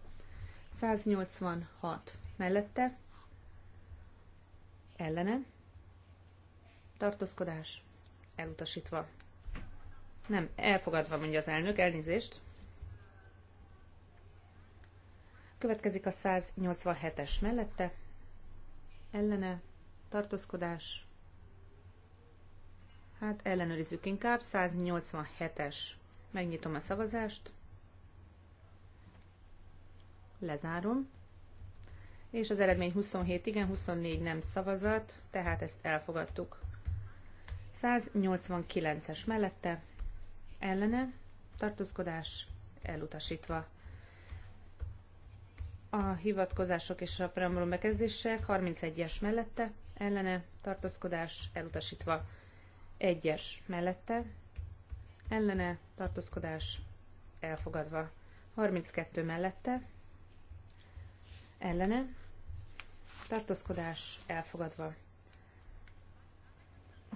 186 mellette, ellene, tartózkodás, elutasítva. Nem, elfogadva, mondja az elnök, elnézést. Következik a 187-es mellette, ellene, tartózkodás, hát ellenőrizzük inkább, 187-es, megnyitom a szavazást, lezárom, és az eredmény 27 igen, 24 nem szavazat, tehát ezt elfogadtuk. 189-es mellette ellene tartózkodás elutasítva. A hivatkozások és a preambulum bekezdések 31-es mellette ellene tartózkodás elutasítva. 1-es mellette ellene tartózkodás elfogadva. 32 mellette ellene, tartózkodás elfogadva.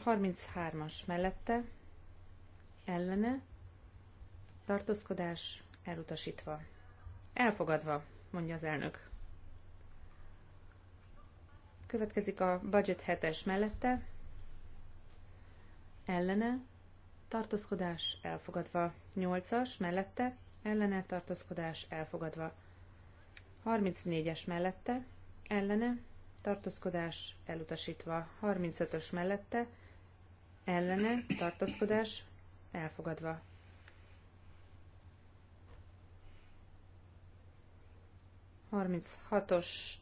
33-as mellette, ellene, tartózkodás elutasítva. Elfogadva, mondja az elnök. Következik a budget 7-es mellette, ellene, tartózkodás elfogadva. 8-as mellette, ellene, tartózkodás elfogadva. 34-es mellette, ellene, tartózkodás elutasítva. 35-ös mellette, ellene, tartózkodás elfogadva. Harminchatos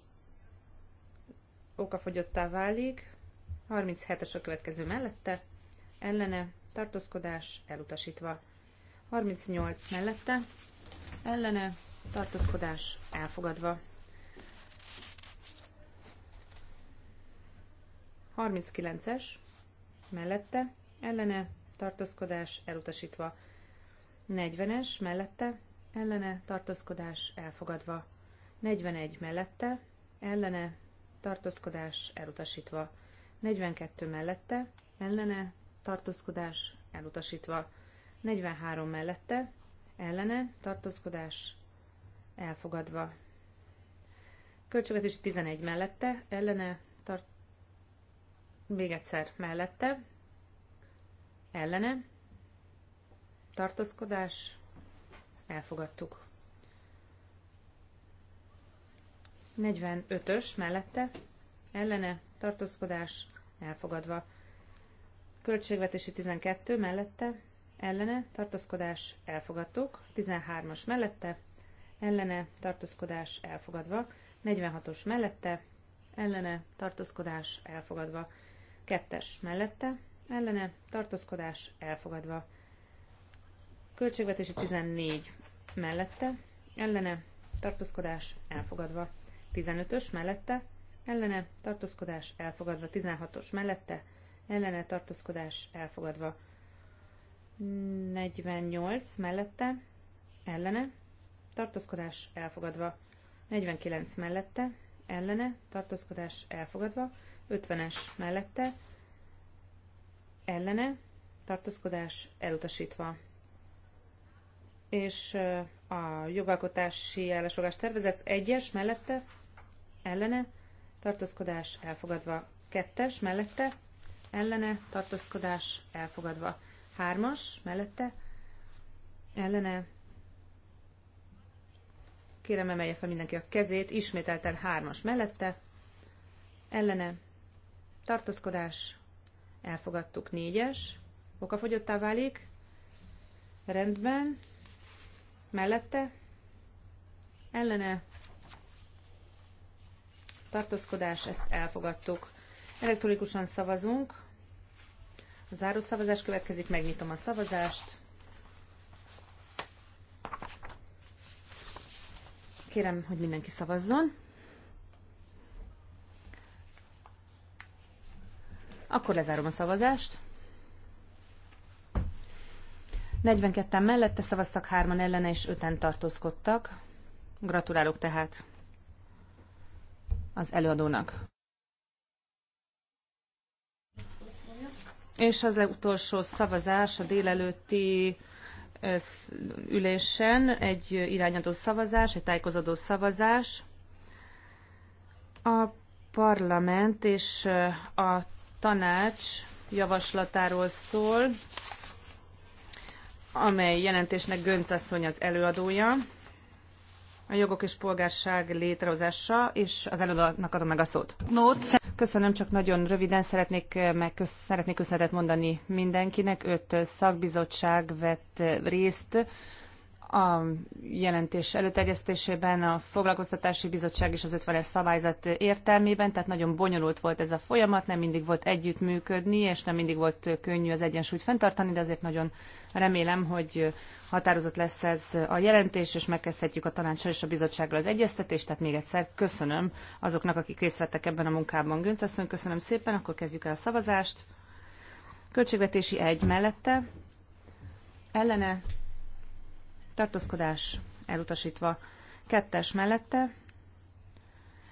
okafogyottá válik, 37-es a következő mellette, ellene, tartózkodás elutasítva. 38 mellette, ellene, tartózkodás elfogadva. 39-es mellette, ellene tartózkodás elutasítva. 40-es mellette, ellene tartózkodás elfogadva. 41 mellette, ellene tartózkodás elutasítva. 42 mellette, ellene tartózkodás elutasítva. 43 mellette, ellene tartózkodás elfogadva. Költségvetés 11 mellette, ellene tart, még egyszer mellette, ellene, tartózkodás, elfogadtuk. 45-ös mellette, ellene, tartózkodás, elfogadva. Költségvetési 12 mellette, ellene, tartózkodás, elfogadtuk. 13-as mellette, ellene tartózkodás elfogadva, 46-os mellette, ellene tartózkodás elfogadva, 2-es mellette, ellene tartózkodás elfogadva, költségvetési 14 mellette, ellene tartózkodás elfogadva, 15-ös mellette, ellene tartózkodás elfogadva, 16-os mellette, ellene tartózkodás elfogadva, 48 mellette, ellene tartózkodás elfogadva. 49 mellette, ellene, tartózkodás elfogadva. 50-es mellette, ellene, tartózkodás elutasítva. És a jogalkotási állásfogás tervezet 1-es mellette, ellene, tartózkodás elfogadva. 2-es mellette, ellene, tartózkodás elfogadva. 3-as mellette, ellene, Kérem, emelje fel mindenki a kezét. Ismételten hármas mellette. Ellene. Tartózkodás. Elfogadtuk négyes. Okafogyottá válik. Rendben. Mellette. Ellene. Tartózkodás. Ezt elfogadtuk. Elektronikusan szavazunk. A zárószavazás következik. Megnyitom a szavazást. Kérem, hogy mindenki szavazzon. Akkor lezárom a szavazást. 42-en mellette szavaztak, hárman ellene és öten en tartózkodtak. Gratulálok tehát az előadónak. És az legutolsó szavazás a délelőtti ülésen egy irányadó szavazás, egy tájékozódó szavazás. A parlament és a tanács javaslatáról szól, amely jelentésnek Gönc asszony az előadója a jogok és polgárság létrehozása, és az előadónak adom meg a szót. Köszönöm, csak nagyon röviden szeretnék, eh, meg szeretnék köszönetet mondani mindenkinek. Öt szakbizottság vett eh, részt a jelentés előterjesztésében a Foglalkoztatási Bizottság és az 50-es szabályzat értelmében, tehát nagyon bonyolult volt ez a folyamat, nem mindig volt együttműködni, és nem mindig volt könnyű az egyensúlyt fenntartani, de azért nagyon remélem, hogy határozott lesz ez a jelentés, és megkezdhetjük a tanácssal és a bizottsággal az egyeztetést, tehát még egyszer köszönöm azoknak, akik részt vettek ebben a munkában. Göncasszony, köszönöm szépen, akkor kezdjük el a szavazást. Költségvetési egy mellette, ellene tartózkodás elutasítva. Kettes mellette,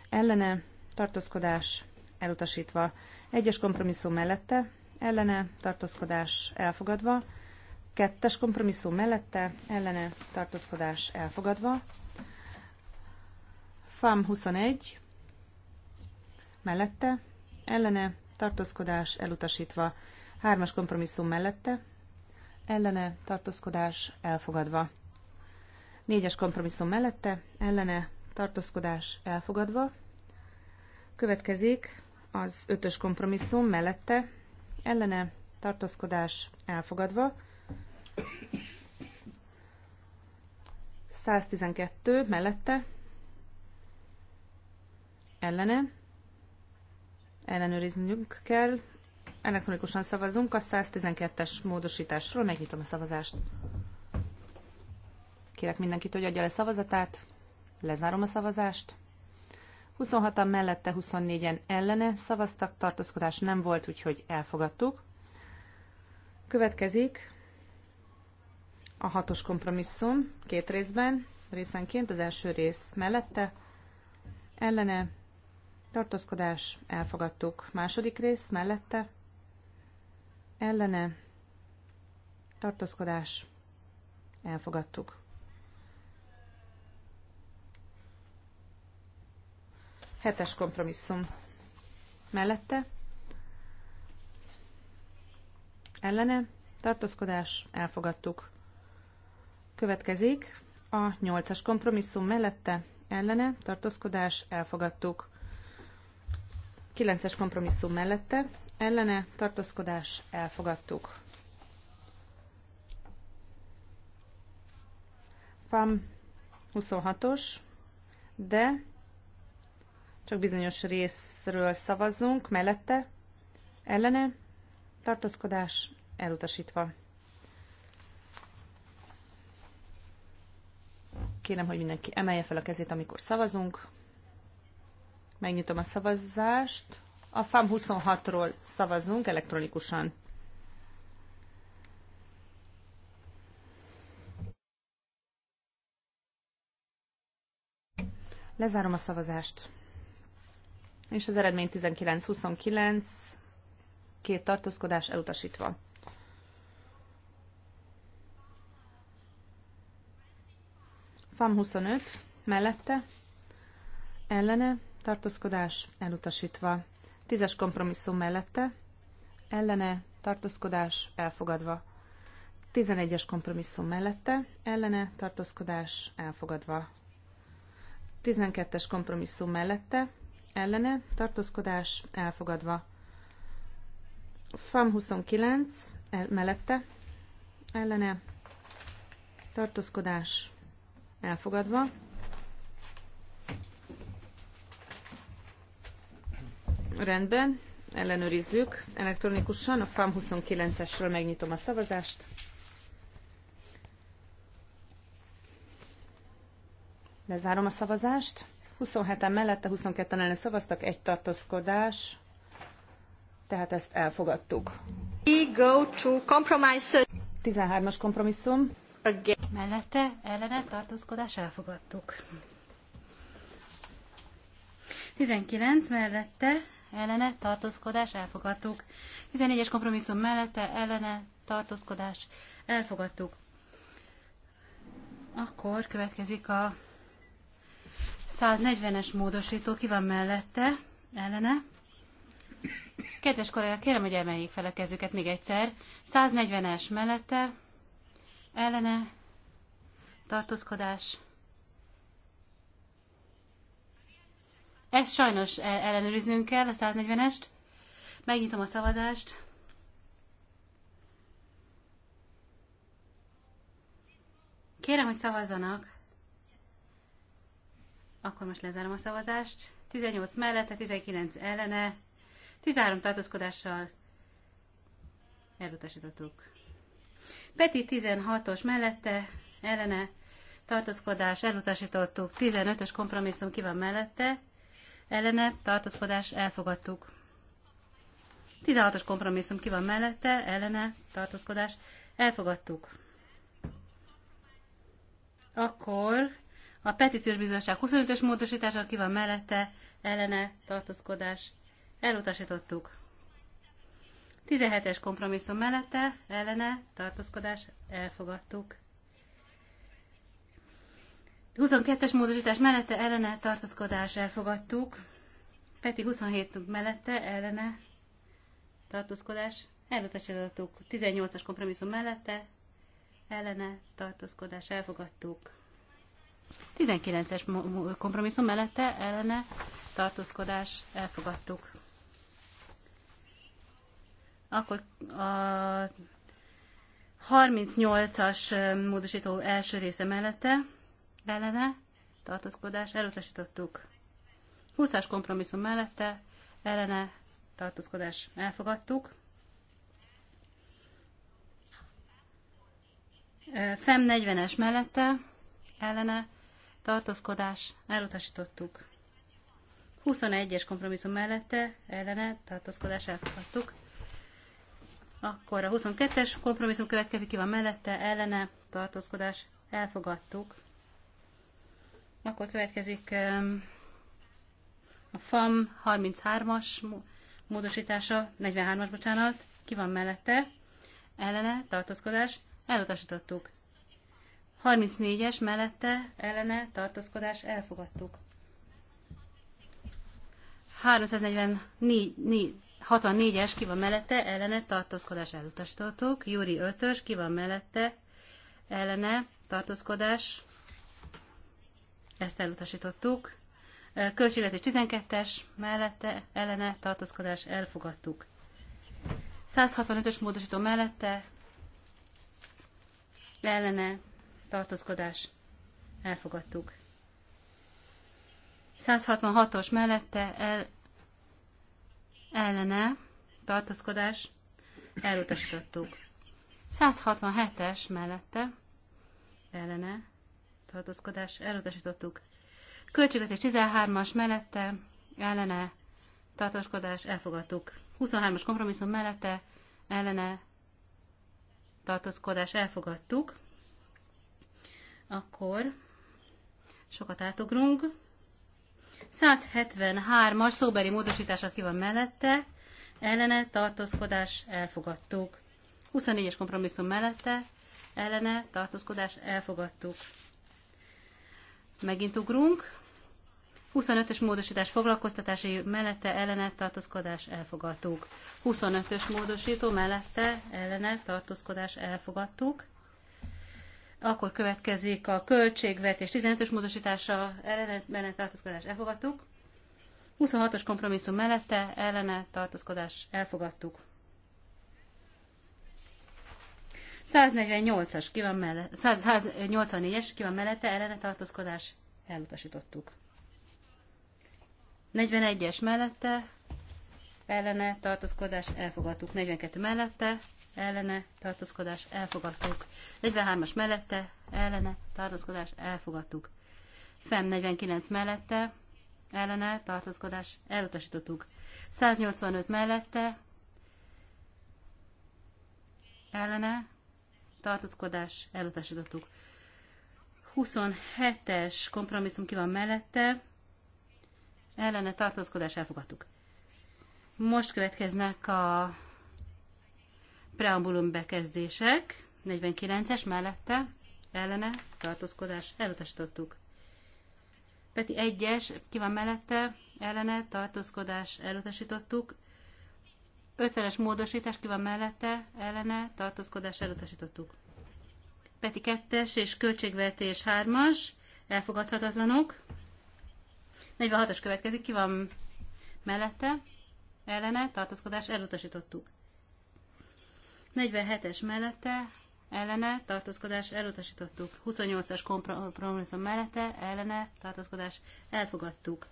ellene, tartózkodás elutasítva. Egyes kompromisszum mellette, ellene, tartózkodás elfogadva. Kettes kompromisszum mellette, ellene, tartózkodás elfogadva. FAM 21 mellette, ellene, tartózkodás elutasítva. Hármas kompromisszum mellette, ellene, tartózkodás elfogadva. Négyes kompromisszum mellette, ellene tartózkodás elfogadva. Következik az ötös kompromisszum mellette, ellene tartózkodás elfogadva. 112 mellette, ellene, ellenőriznünk kell, elektronikusan szavazunk a 112-es módosításról, megnyitom a szavazást. Kérek mindenkit, hogy adja le szavazatát. Lezárom a szavazást. 26-an mellette, 24-en ellene szavaztak, tartózkodás nem volt, úgyhogy elfogadtuk. Következik a hatos kompromisszum két részben, részenként az első rész mellette, ellene, tartózkodás, elfogadtuk. Második rész mellette, ellene, tartózkodás, elfogadtuk. Hetes kompromisszum mellette. Ellene. Tartózkodás. Elfogadtuk. Következik a nyolcas kompromisszum mellette. Ellene. Tartózkodás. Elfogadtuk. Kilences kompromisszum mellette. Ellene. Tartózkodás. Elfogadtuk. FAM 26-os, de csak bizonyos részről szavazzunk, mellette, ellene, tartózkodás elutasítva. Kérem, hogy mindenki emelje fel a kezét, amikor szavazunk. Megnyitom a szavazást. A FAM 26-ról szavazunk elektronikusan. Lezárom a szavazást és az eredmény 19-29, két tartózkodás elutasítva. FAM 25 mellette, ellene, tartózkodás elutasítva. Tízes kompromisszum mellette, ellene, tartózkodás elfogadva. 11-es kompromisszum mellette, ellene, tartózkodás elfogadva. 12-es kompromisszum mellette, ellene tartózkodás elfogadva. FAM 29 el, mellette ellene tartózkodás elfogadva. Rendben, ellenőrizzük elektronikusan. A FAM 29-esről megnyitom a szavazást. Lezárom a szavazást. 27-en mellette, 22-en ellen szavaztak, egy tartózkodás, tehát ezt elfogadtuk. We go to compromise. 13-as kompromisszum. Again. Mellette, ellene, tartózkodás, elfogadtuk. 19 mellette, ellene, tartózkodás, elfogadtuk. 14-es kompromisszum mellette, ellene, tartózkodás, elfogadtuk. Akkor következik a 140-es módosító, ki van mellette, ellene. Kedves kollégák, kérem, hogy emeljék fel a kezüket még egyszer. 140-es mellette, ellene, tartózkodás. Ezt sajnos ellenőriznünk kell, a 140-est. Megnyitom a szavazást. Kérem, hogy szavazzanak. Akkor most lezárom a szavazást. 18 mellette, 19 ellene, 13 tartózkodással elutasítottuk. Peti 16-os mellette, ellene, tartózkodás elutasítottuk, 15-ös kompromisszum ki van mellette, ellene, tartózkodás elfogadtuk. 16-os kompromisszum ki van mellette, ellene, tartózkodás elfogadtuk. Akkor a petíciós bizottság 25-ös módosítása, aki van mellette, ellene, tartózkodás, elutasítottuk. 17-es kompromisszum mellette, ellene, tartózkodás, elfogadtuk. 22-es módosítás mellette, ellene, tartózkodás, elfogadtuk. Peti 27 mellette, ellene, tartózkodás, elutasítottuk. 18-as kompromisszum mellette, ellene, tartózkodás, elfogadtuk. 19-es kompromisszum mellette ellene tartózkodás elfogadtuk. Akkor a 38-as módosító első része mellette ellene tartózkodás elutasítottuk. 20-as kompromisszum mellette ellene tartózkodás elfogadtuk. FEM 40-es mellette ellene tartózkodás, elutasítottuk. 21-es kompromisszum mellette, ellene, tartózkodás, elfogadtuk. Akkor a 22-es kompromisszum következik, ki van mellette, ellene, tartózkodás, elfogadtuk. Akkor következik a FAM 33-as módosítása, 43-as, bocsánat, ki van mellette, ellene, tartózkodás, elutasítottuk. 34-es mellette ellene tartózkodás elfogadtuk. 64 es ki van mellette, ellene tartózkodás elutasítottuk. Júri 5-ös ki van mellette, ellene tartózkodás, ezt elutasítottuk. Költségvetés 12-es mellette, ellene tartózkodás elfogadtuk. 165-ös módosító mellette, ellene tartózkodás, elfogadtuk. 166-os mellette el, ellene tartózkodás, elutasítottuk. 167-es mellette ellene tartózkodás, elutasítottuk. Költségvetés 13-as mellette ellene tartózkodás, elfogadtuk. 23-as kompromisszum mellette ellene tartózkodás, elfogadtuk. Akkor sokat átugrunk. 173-as szóbeli módosítás, aki van mellette, ellene tartózkodás elfogadtuk. 24-es kompromisszum mellette, ellene tartózkodás elfogadtuk. Megint ugrunk. 25-ös módosítás foglalkoztatási mellette ellene tartózkodás elfogadtuk. 25-ös módosító mellette ellene tartózkodás elfogadtuk. Akkor következik a költségvetés 15-ös módosítása ellenet tartózkodás elfogadtuk. 26-os kompromisszum mellette ellene tartózkodás elfogadtuk. 148-as ki van mellette, 184-es ki van mellette ellene tartózkodás elutasítottuk. 41-es mellette ellene tartózkodás elfogadtuk. 42 mellette ellene tartózkodás elfogadtuk. 43-as mellette ellene tartózkodás elfogadtuk. FEM 49 mellette ellene tartózkodás elutasítottuk. 185 mellette ellene tartózkodás elutasítottuk. 27-es kompromisszum ki van mellette, ellene tartózkodás elfogadtuk. Most következnek a Preambulum bekezdések, 49-es mellette, ellene, tartózkodás, elutasítottuk. Peti 1-es, ki van mellette, ellene, tartózkodás, elutasítottuk. 50-es módosítás, ki van mellette, ellene, tartózkodás, elutasítottuk. Peti 2-es és költségvetés 3-as, elfogadhatatlanok. 46-as következik, ki van mellette, ellene, tartózkodás, elutasítottuk. 47-es mellette ellene tartózkodás elutasítottuk. 28-as kompromisszum mellette ellene tartózkodás elfogadtuk.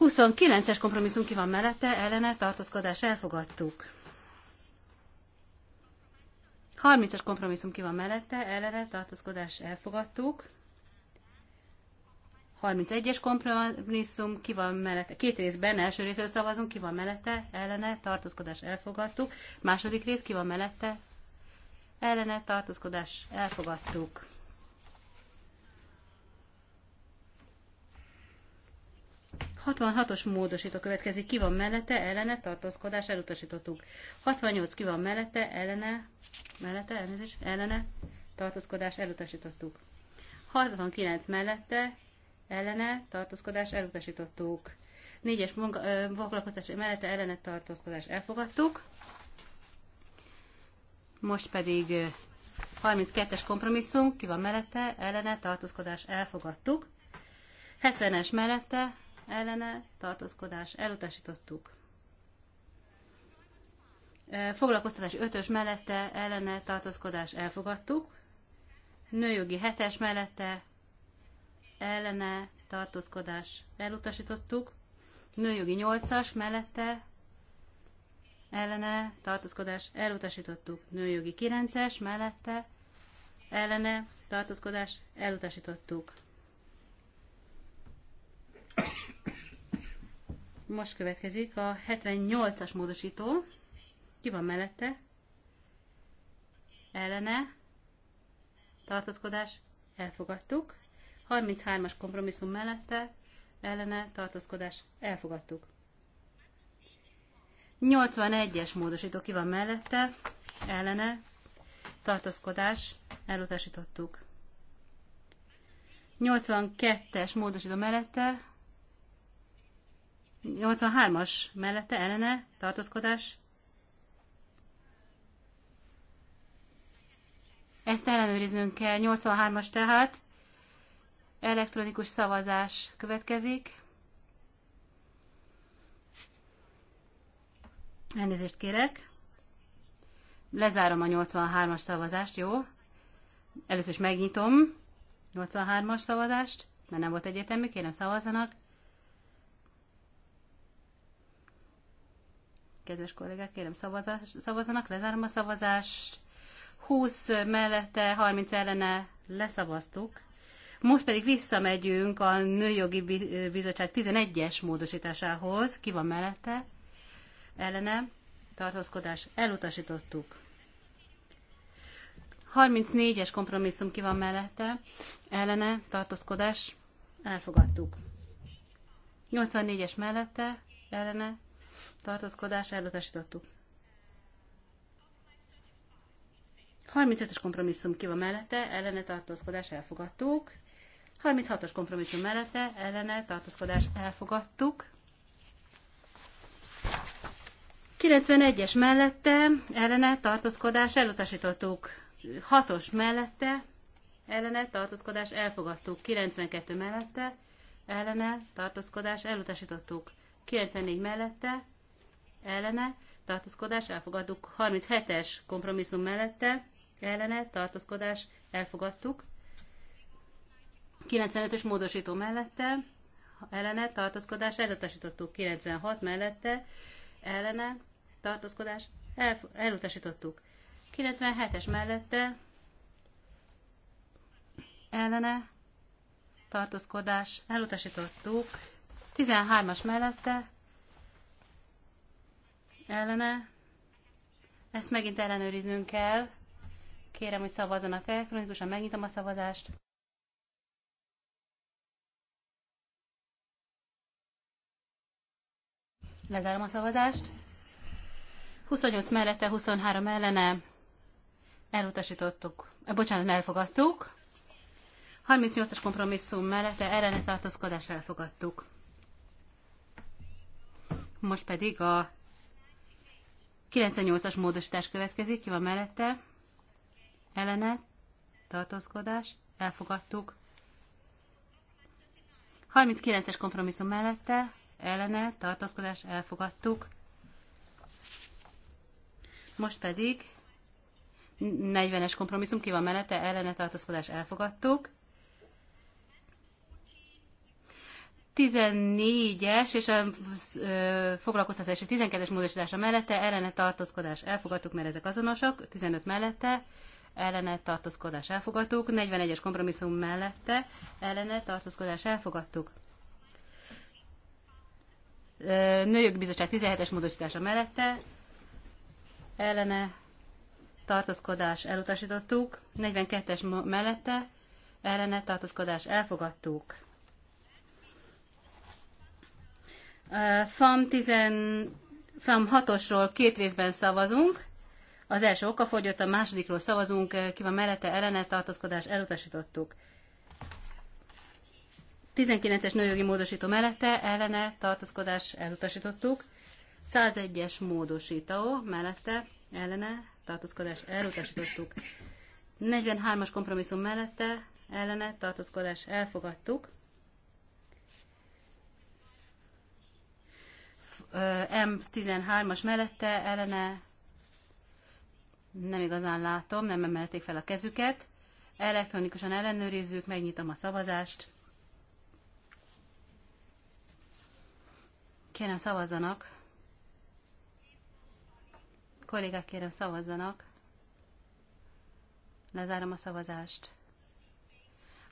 29-es kompromisszum ki van mellette, ellene tartózkodás elfogadtuk. 30-as kompromisszum ki van mellette, ellene tartózkodás elfogadtuk. 31-es kompromisszum, ki van mellette, két részben, első részről szavazunk, ki van mellette, ellene, tartózkodás elfogadtuk, második rész, ki van mellette, ellene, tartózkodás elfogadtuk. os módosító következik, ki van mellette, ellene, tartózkodás elutasítottuk. 68 ki van mellette, ellene, mellette, elnézést, ellene, tartózkodás elutasítottuk. 69 mellette, ellene tartózkodás elutasítottuk. Négyes foglalkoztatás mellette ellene tartózkodás elfogadtuk. Most pedig 32-es kompromisszum, ki van mellette, ellene tartózkodás elfogadtuk. 70-es mellette ellene tartózkodás elutasítottuk. Foglalkoztatás 5-ös mellette ellene tartózkodás elfogadtuk. Nőjogi 7-es mellette ellene tartózkodás elutasítottuk, nőjogi 8-as mellette ellene tartózkodás elutasítottuk, nőjogi 9-es mellette ellene tartózkodás elutasítottuk. Most következik a 78-as módosító. Ki van mellette? Ellene. Tartózkodás. Elfogadtuk. 33-as kompromisszum mellette ellene tartózkodás elfogadtuk. 81-es módosító ki van mellette, ellene tartózkodás elutasítottuk. 82-es módosító mellette, 83-as mellette ellene tartózkodás. Ezt ellenőriznünk kell, 83-as tehát. Elektronikus szavazás következik. Elnézést kérek. Lezárom a 83-as szavazást, jó? Először is megnyitom 83-as szavazást, mert nem volt egyetemű, kérem szavazzanak. Kedves kollégák, kérem szavazás, szavazzanak, lezárom a szavazást. 20 mellette, 30 ellene leszavaztuk. Most pedig visszamegyünk a Nőjogi Bizottság 11-es módosításához. Ki van mellette? Ellene? Tartózkodás. Elutasítottuk. 34-es kompromisszum ki van mellette? Ellene? Tartózkodás. Elfogadtuk. 84-es mellette? Ellene? Tartózkodás. Elutasítottuk. 35-ös kompromisszum ki van mellette, ellene tartózkodás elfogadtuk. 36-os kompromisszum mellette ellene tartózkodás elfogadtuk. 91-es mellette ellene tartózkodás elutasítottuk. 6-os mellette ellene tartózkodás elfogadtuk. 92 mellette ellene tartózkodás elutasítottuk. 94 mellette ellene tartózkodás elfogadtuk. 37-es kompromisszum mellette ellene tartózkodás elfogadtuk. 95-ös módosító mellette ellene tartózkodás elutasítottuk. 96 mellette ellene tartózkodás el, elutasítottuk. 97-es mellette ellene tartózkodás elutasítottuk. 13-as mellette ellene ezt megint ellenőriznünk kell. Kérem, hogy szavazzanak elektronikusan, megnyitom a szavazást. Lezárom a szavazást. 28 mellette, 23 ellene elutasítottuk, eh, bocsánat, elfogadtuk. 38-as kompromisszum mellette ellene tartózkodás elfogadtuk. Most pedig a 98-as módosítás következik, ki van mellette? Ellene tartózkodás, elfogadtuk. 39-es kompromisszum mellette ellene tartózkodás elfogadtuk. Most pedig 40-es kompromisszum ki van mellette, ellene tartózkodás elfogadtuk. 14-es és a foglalkoztatás foglalkoztatási 12-es módosítása mellette ellene tartózkodás elfogadtuk, mert ezek azonosak, 15 mellette ellene tartózkodás elfogadtuk, 41-es kompromisszum mellette ellene tartózkodás elfogadtuk. Nőjogi Bizottság 17-es módosítása mellette ellene tartózkodás elutasítottuk, 42-es mellette ellene tartózkodás elfogadtuk. FAM, 10, FAM 6-osról két részben szavazunk. Az első okafogyott, a másodikról szavazunk, ki van mellette, ellene tartózkodás elutasítottuk. 19-es nőjogi módosító mellette ellene tartózkodás elutasítottuk. 101-es módosító mellette ellene tartózkodás elutasítottuk. 43-as kompromisszum mellette ellene tartózkodás elfogadtuk. M13-as mellette ellene nem igazán látom, nem emelték fel a kezüket. Elektronikusan ellenőrizzük, megnyitom a szavazást. Kérem szavazzanak. Kollégák, kérem szavazzanak. Lezárom a szavazást.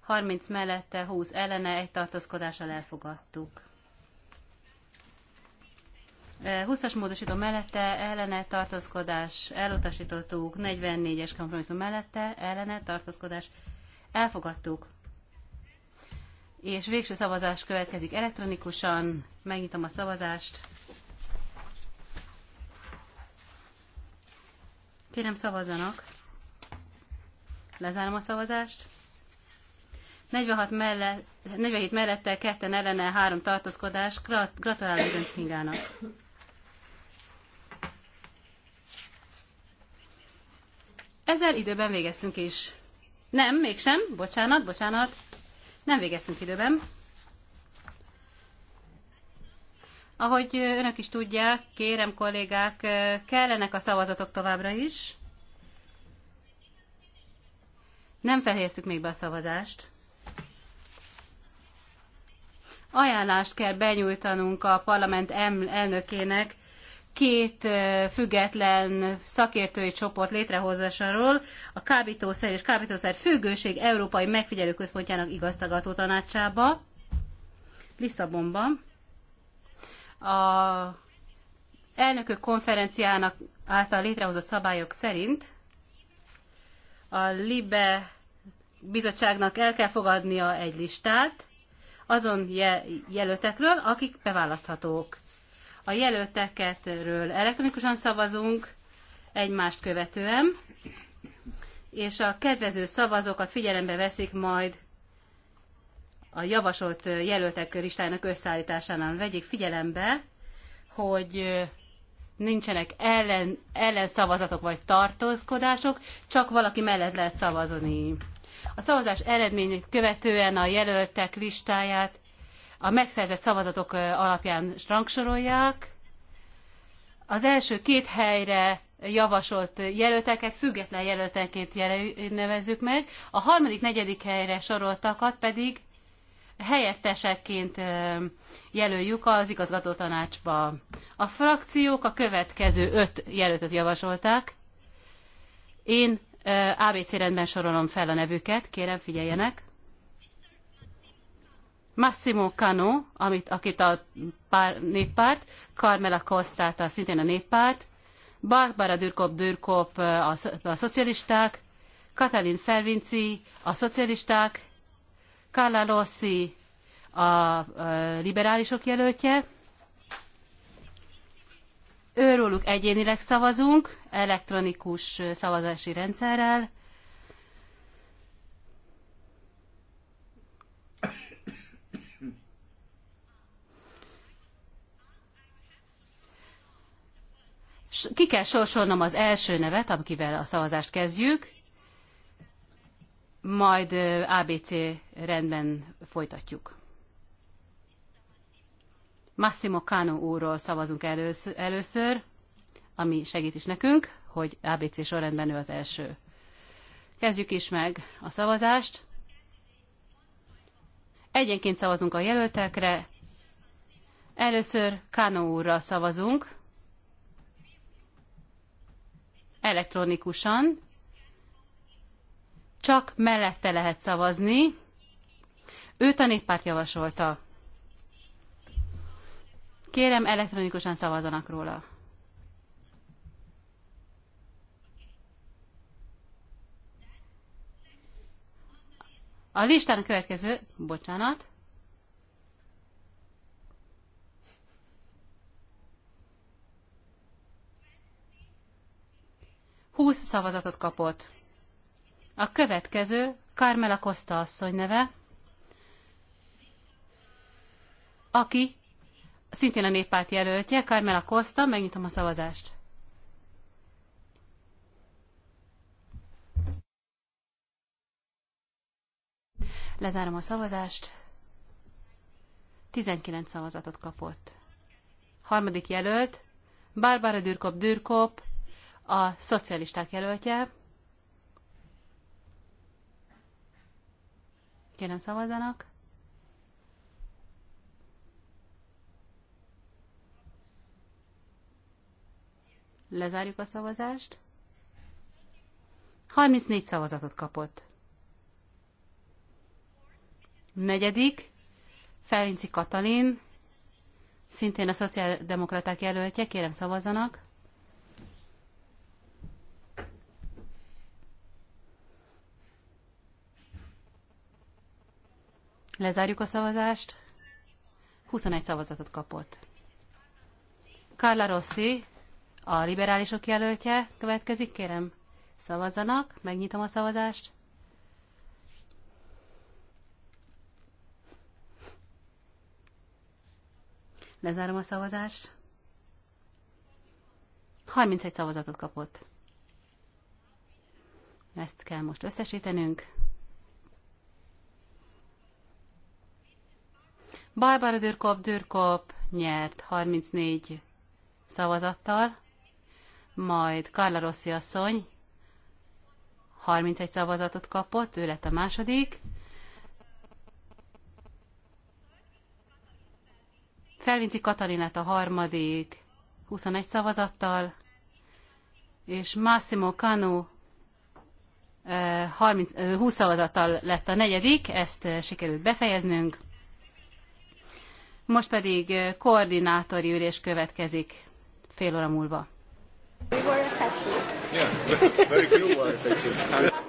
30 mellette, 20 ellene, egy tartózkodással elfogadtuk. 20-as módosító mellette, ellene, tartózkodás, elutasítottuk. 44-es kompromisszum mellette, ellene, tartózkodás, elfogadtuk és végső szavazás következik elektronikusan. Megnyitom a szavazást. Kérem szavazzanak. Lezárom a szavazást. 46 mellett, 47 mellette, ketten ellene, három tartózkodás. Gratulálok Gönc Kingának. Ezzel időben végeztünk is. Nem, mégsem. Bocsánat, bocsánat. Nem végeztünk időben. Ahogy önök is tudják, kérem kollégák, kellenek a szavazatok továbbra is. Nem fejeztük még be a szavazást. Ajánlást kell benyújtanunk a parlament elnökének két független szakértői csoport létrehozásáról a kábítószer és kábítószer függőség Európai Megfigyelőközpontjának igazgató tanácsába, Lisszabonban. A elnökök konferenciának által létrehozott szabályok szerint a LIBE bizottságnak el kell fogadnia egy listát azon jelöltekről, akik beválaszthatók a jelölteketről elektronikusan szavazunk egymást követően, és a kedvező szavazókat figyelembe veszik majd a javasolt jelöltek listájának összeállításánál. Vegyék figyelembe, hogy nincsenek ellen, ellen szavazatok vagy tartózkodások, csak valaki mellett lehet szavazni. A szavazás eredményét követően a jelöltek listáját a megszerzett szavazatok alapján rangsorolják. Az első két helyre javasolt jelölteket független jelöltenként nevezzük meg, a harmadik, negyedik helyre soroltakat pedig helyettesekként jelöljük az igazgató tanácsba. A frakciók a következő öt jelöltöt javasolták. Én ABC rendben sorolom fel a nevüket, kérem figyeljenek. Massimo Cano, amit, akit a pár, néppárt, Carmela Costa, a, szintén a néppárt, Barbara Dürkop Dürkop a, a szocialisták, Katalin Fervinci a szocialisták, Carla Rossi a, a liberálisok jelöltje. Őróluk egyénileg szavazunk, elektronikus szavazási rendszerrel. Ki kell sorsolnom az első nevet, akivel a szavazást kezdjük, majd ABC rendben folytatjuk. Massimo Cano úrról szavazunk először, először, ami segít is nekünk, hogy ABC sorrendben ő az első. Kezdjük is meg a szavazást. Egyenként szavazunk a jelöltekre. Először Kano úrra szavazunk elektronikusan. Csak mellette lehet szavazni. Őt a néppárt javasolta. Kérem, elektronikusan szavazanak róla. A listán a következő, bocsánat, 20 szavazatot kapott. A következő Carmela Costa asszony neve, aki szintén a néppárt jelöltje, Carmela Costa, megnyitom a szavazást. Lezárom a szavazást. 19 szavazatot kapott. Harmadik jelölt, Barbara Dürkop Dürkop, a szocialisták jelöltje. Kérem szavazzanak. Lezárjuk a szavazást. 34 szavazatot kapott. Negyedik, Felinci Katalin, szintén a szociáldemokraták jelöltje, kérem szavazzanak. Lezárjuk a szavazást. 21 szavazatot kapott. Carla Rossi, a liberálisok jelöltje, következik, kérem, szavazzanak, megnyitom a szavazást. Lezárom a szavazást. 31 szavazatot kapott. Ezt kell most összesítenünk. Barbara Dürkop, Dürkop nyert 34 szavazattal, majd Carla Rossi asszony 31 szavazatot kapott, ő lett a második. Felvinci Katalin lett a harmadik 21 szavazattal, és Massimo Cano 30, 20 szavazattal lett a negyedik, ezt eh, sikerült befejeznünk. Most pedig koordinátori ülés következik fél óra múlva. We were